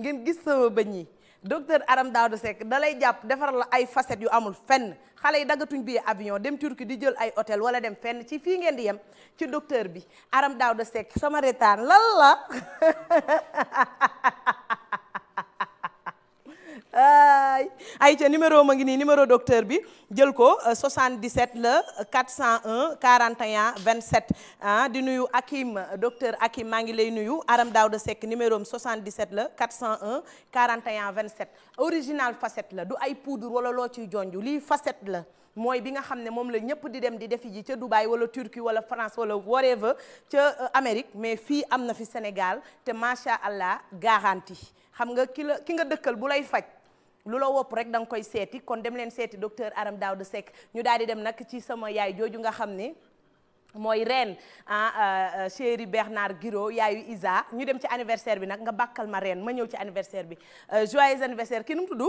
ngeen gis sama bëñ yi docteur Aram Daouda Seck da lay jàpp defaral la ay facettes yu amul fenn xale yi daggatuñ bi avion dem Turquie di jël ay hôtel wala dem fenn ci fii ngeen di yem ci docteur bi Aram Daouda Seck sama reetaan lan la ay ayca numéro ma ngi nii numéro docteur bi jël ko 77 la 401 41 27 ah di nuyu Akim euh, docteur Akim maa ngi lay nuyu Aram Daouda Seck numéro am 77 la 401 41 27 original facette la du ay poudre wala loo ciy jonju lii facette la. mooy bi nga xam ne moom la ñëpp di dem di defi ji ca Dubaï wala Turquie wala France wala whatever ca euh, Amérique mais fii am na fi Sénégal te macha allah garantie xam nga ki la ki nga dëkkal bu lay faj. lu la wopp rek da nga koy seeti kon dem leen seeti docteur Aram Daouda Seck ñu daal di dem nag ci sama yaay jooju nga xam ni mooy reen ah euh, euh, chéri Bernard Guiro yaayu Isa ñu dem ci anniversaire bi nag nga bàkkal ma reen ma ñëw ci anniversaire bi euh, joyeux anniversaire ki nu mu tudd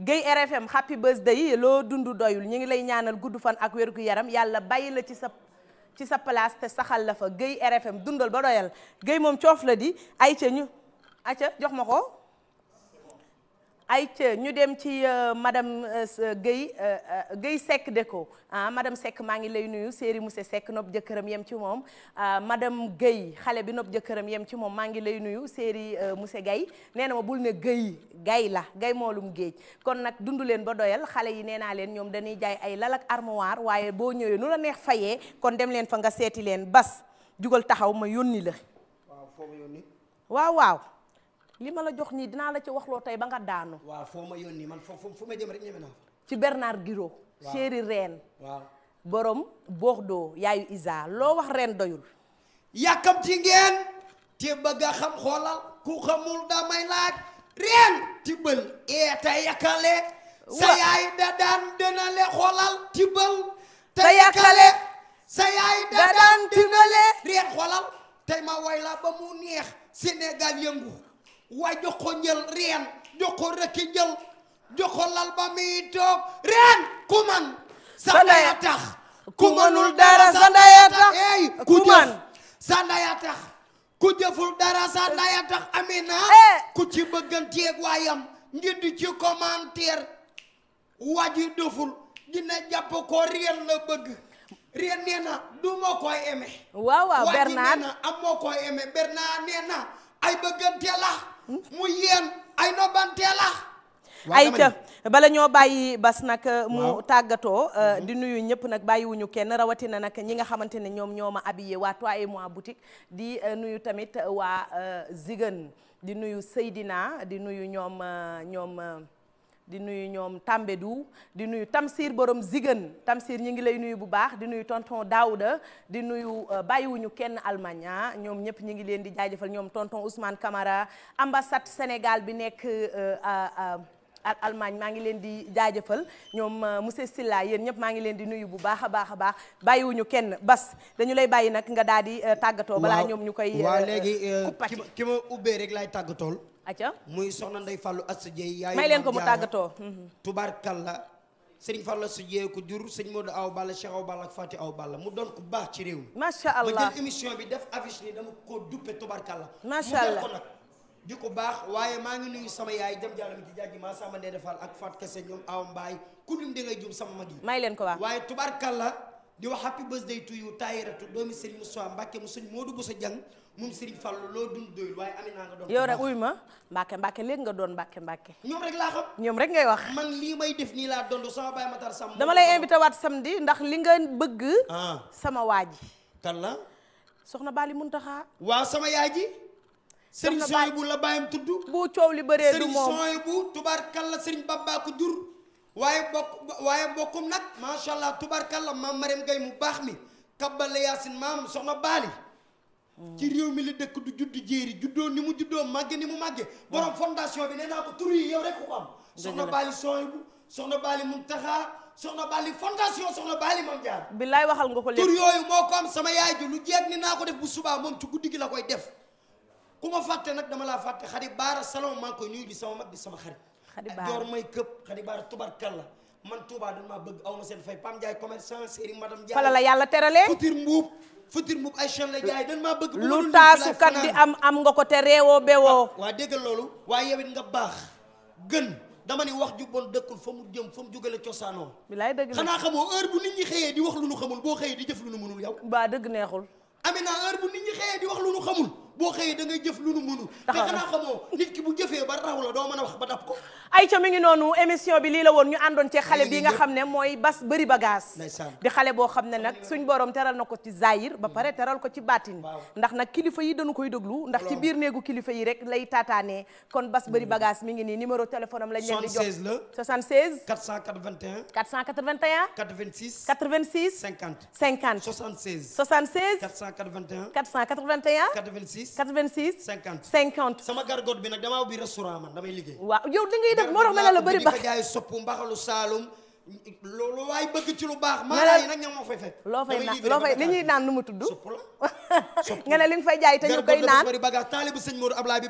Guèye RFM happy birthday loo dund doyul ñu ngi lay ñaanal gudd fan ak wér yaram yàlla bàyyi la ci sa ci sa place te saxal la fa Guèye RFM dundal ba doyal Guèye moom coof la di ayca ñu jox ma ko ayca ñu dem ci euh, madame euh, euh, Guèye Guèye Seck Déco ah madame sekk maa ngi lay nuyu séeri Mousse sekk nopp jëkkëram yem ci moom ah, madame Guèye xale bi nopp jëkkëram yem ci moom maa ngi lay nuyu séeri Mousse gay neena na ma bul ne Guèye Guèye la gay moolum géej kon nag dund leen ba doyal xale yi nee naa leen ñoom dañuy jaay ay lalak ak armoire waaye boo ñëwee nu la neex fayee kon dem leen fa nga seeti leen bas jugal taxaw ma yónni la. waaw waaw waaw. li ma la jox nii dinaa la ci waxloo tey ba nga daanu. foo ma yónni man foo fu ma jëm ci Bernard Guiraud. waaw reen. waaw borom Bordeaux yaayu Isa loo wax reen doyul. yàkkamti ngeen. te bëgg xam xoolal ku xamul damay laaj. reen tibbal ee te yàkkale. sa yaay da daan dina le tibbal. te yàkkale sa yaay da daan dina reen xoolal tey ma way la ba mu neex Sénégal yëngu. waa jox ko njël reen jox ko rëkki njël lal ba muy reen ku man sa ndaya tax dara sa ndaya tax ey ku dara sa ndaya tax amina eh. ku ci bëgganteeg waayam ngir di ci commentaire waa ji doful dina jàpp ko reen la bëgg reen nee du moo koy aimé waaw waaw waa ji nee am moo koy aimé Bernard nee ay bëggante mu yéen ay nobbantee la bala ñoo bàyyi bas nag uh, mu tàggatoo uh, mhm. di nuyu ñëpp nag bàyyiwuñu kenn rawatina nag ñi nga xamante ne ñoom ñoo ma habillé waa Toi et moi di uh, nuyu tamit waa Zigen di nuyu Seydina di nuyu ñoom ñoom di nuyu ñoom Tambédou di nuyu Tamsir borom Zigen Tamsir ñi ngi lay nuyu bu baax di nuyu tonton Daouda di nuyu euh, bàyyiwuñu kenn Almanya ah. ñoom ñëpp ñi ngi leen di jaajëfal ñoom tonton Ousmane kamara ambassade Sénégal bi nekk ak euh, Allemagne maa ngi leen di jaajëfal ñoom euh, monsieur Silla yéen ñëpp maa ngi leen di nuyu bu baax a baax a baax bàyyiwuñu kenn bas dañu lay bàyyi nag nga daal di tàggatoo. balaa ñoom ñu koy. waaw léegi ki ma ubbee rek lay tàggatool. acca muy soxna Ndey Fallou Assou Dieye yaayu may leen ko mu tàggatoo mhm. tubaarkalla sëriñ Fallou Assou Dieye ko jur sëñ Modou aw Balla Cheikh aw Balla ak Fati aw Balla mu doon ku baax ci réew macha allah ma jël émission bi def affiche ni dama ko duppe tubaarkalla macha allah mu ko nag di ko baax waaye maa ngi nuyu sama yaay jëm jàllami ci jàjji maa sama ndee defal ak Fat Kese ñoom aw mbaay ku lim da ngay jum sama mag yi may leen ko waax waaye tubaarkalla di wax happy birthday to you taayiratu doomi sëriñ Moussa Mbacke mu sëñ Modou Boussa Dieng moom Serigne fal loo dund doyul waaye Amina nga doon. yow rek uy ma Mbacke Mbacke léegi nga doon Mbacke Mbacke. ñoom rek laa xam. ñoom rek ngay wax. man lii may def nii laa doon sama baay Matar Samb. dama lay invité waat samedi ndax li nga bëgg. Ah. sama waa ji. kan la. soxna Bali Muntaxa. waaw sama yaay ji. Serigne Soye bu la baayam tudd. bu coow li bëree du moom Serigne Soye bu tubaarkalla Serigne Bamba ko jur. waaye bokk waaye bokkum nag macha allah tubaarkalla maam Mariam Gaye mu baax mi kabbal la Yaasin maam soxna Bali. ci réew mi la dëkk du judd jéeri juddoo ni mu juddoo màgge ni mu màgge borom fondation bi nee naa ko tur yi yow rek ko ko am soxna baali sooy bu soxna baali mun taxaa soxna baali fondation soxna baali mam jaar billaay waxal nga ko léegi tur yooyu moo ko am sama yaay ju lu jeeg ni naa ko def bu subaa moom ci guddi gi la koy def ku ma fàtte nag dama laa fàtte xadi baara salon maa ngi koy nuyu di sama mag di sama xarit xadi baara joor la man Touba dañ maa bëgg ma seen fay Pam Ndiaye commerçant Serigne la yàlla teralee Couture Mbuub futur mu ay chaîne la gars yi dañ maa bëgg. lu taasukat di am am nga ko te reewoo bewoo. Ah, waa déggal loolu waa yow it nga baax gën dama ni wax ju bon dëkkul fa mu jëm fa mu jógale cosaanoo. bilaay dëgg xanaa xamoo heure bu nit ñi xëyee di wax lu nu xamul boo xëyee di jëf lu nu mënul yow. baa dëgg neexul. Amina heure bu nit ñi xëyee di wax lu nu xamul. boo xëyee da ngay jëf lu nu mënul te xanaa xamoo nit ki bu jëfee ba raw la doo mën a wax ba dab ko ayca mi ngi noonu émission bi lii la woon ñu àndoon ci xale bi nga xam ne mooy bas bëri bagage di xale boo xam ne nag suñ borom teral na ko ci zahir ba pare mm. teral ko ci baatin ndax nag kilifa yi dañu koy déglu ndax ci biir néegu kilifa yi rek lay taataanee kon bas bëri mm. bagage mi ngi nii numéro téléphone am lañ leen di jox 76 481 481 86 86 86. 86 50 50. sama gargote bi waaw ma ne la bëri baax di ko ma la naan loo fay li ñuy naan nu mu tudd. soppu la nga ne li nga fay jaay te ñu koy naan gargote bagaas taalibu sëñ Modou Ablaye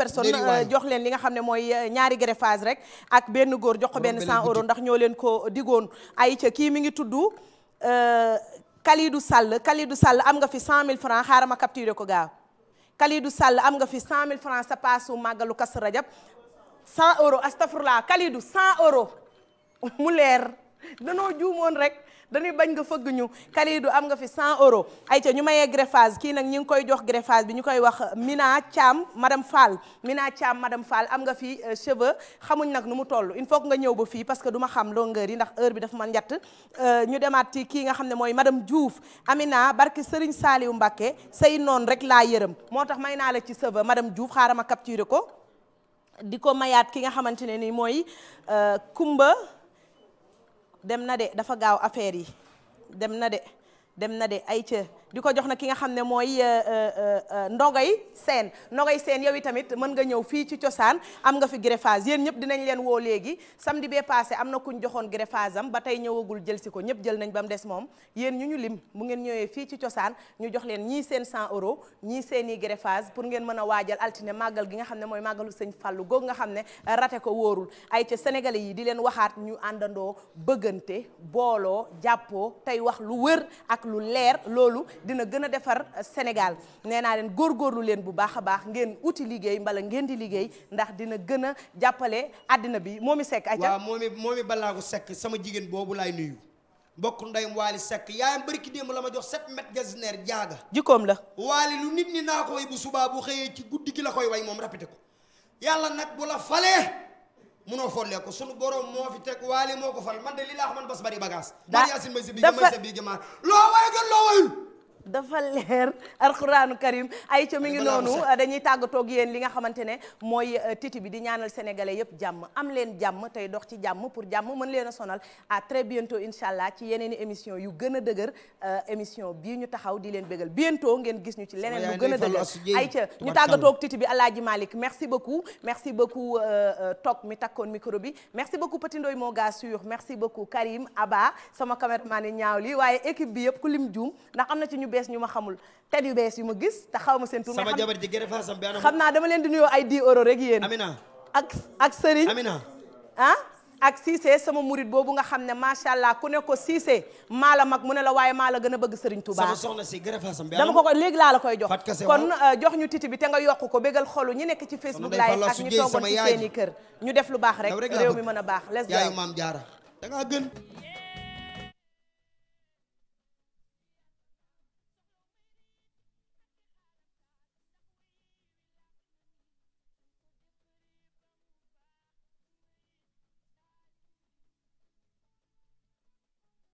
a euh, jox li nga xam ne mooy euh, ñaari greffage rek. ak benn góor jox ko benn 100 euros ndax ñoo leen ko digoon ay ca kii mi ngi tudd euh, Kalidou Sall Kalidou Sall am nga fi 100000 francs xaaral ma capturé ko gaaw Kalidou Sall am nga fi 100000 francs sa paasu màggalu Kazu Rajab 100 euros astafurlah Kalidou 100 euros mu leer danoo juumoon rek. dañuy bañ nga fëgg ñu Kalidou am nga fi 100 euro ay ca ñu mayee greffage kii nag ñi ngi koy jox greffage bi ñu koy wax Mina caam madame Fall Mina Thiam madam Fall am nga fi euh, cheveux xamuñ nag nu mu toll il faut nga ñëw ba fii parce que du xam longueur yi ndax heure bi daf ma njatt euh, ñu demaat ci kii nga xam ne mooy madame Diouf Amina barki Serigne Saliou Mbacké say noon rek laa yërëm moo tax may naa la ci cheveux madame Diouf xaaral ma capturer ko di ko mayaat ki nga xamante ne ni mooy euh, Kumba dem na de dafa gaaw affaire yi dem na de dem na de ay ca di ko jox na ki nga xam ne mooy euh, euh, euh, ndogay seen ndogay seen yow tamit mën nga ñëw fii ci cosaan am nga fi greffage yéen ñëpp dinañ leen woo léegi samedi bee passé am na ku ñu joxoon greffage am ba tey ñëwagul jël si ko ñëpp jël nañ ba mu des moom yéen ñu ñu lim mu ngeen ñëwee fii ci cosaan ñu jox leen ñii seen 100 euro ñii seen i greffage pour ngeen mën a waajal altine màggal gi nga xam ne mooy màggalu sëñ fàllu googu nga xam ne rate ko wóorul ay ca sénégalais di leen waxaat ñu àndandoo bëggante booloo jàppoo tey wax lu wër ak lu leer loolu dina gën a defar euh, Sénégal nee naa leen góorlu leen bu baax a baax ngeen uti liggéey mbala ngeen di liggéey ndax dina gën a jàppale àddina bi moom moomi sekk ayca moom moomi moomi ko sekk sama jigéen boobu laay nuyu mbokk ndeyam waali sekk yaayam bëri ki démb la ma jox 7 mètres jasinaire jaaga jikkoom la waali lu nit ñi naa ko bu subaa bu xëyee ci guddi gi la koy way moom répété ko yàlla nag bu la falee munoo follee sunu borom moo fi teg waale moo ko fal man de bari bagage. daa dafa man Yacine may sa bii dafa leer alxuraanu karim ay ca mi ngi noonu dañuy tàggatoog yéen li nga xamante ne mooy euh, titi bi di ñaanal sénégalais yëpp jàmm am leen jàmm tey dox ci jàmm pour jàmm mën leen a sonal à très bientôt incha allah ci yeneen i émission yu gën a dëgër euh, émission bii ñu taxaw di leen bégal bientôt ngeen gis ñu ci leneen lu gën a dëgër ay ñu tàggatoog titi bi alaaji malik merci beaucoup merci beaucoup euh, toog mi takkoon micro bi merci beaucoup Petit Ndoy moo gaa sûr merci beaucoup karim aba sama caméraman ñaaw waaye équipe bi yëpp ku lim juum ndax bees ñu ma xamul tet yu bees yu ma gis te xaw ma seen tur a xam naa dama leen di nuyoo ay 10 euros rek yéen amina ak ak ah, ak Cissé sama murit boobu nga xam ne macha allah ku ne ko Cissé maa la mag mu ne la waaye maa la gën a bëgg Serigne Touba sama soxna si gën a faasam bi dama ko ko léegi laa la koy jox kon euh, jox ñu titi bi te nga yokk ko bégal xolu ñi nekk ci Facebook live ak ñu toogoon ci seeni kër ñu def lu baax rek réew mi mën a baax les yaayu maam jaara gën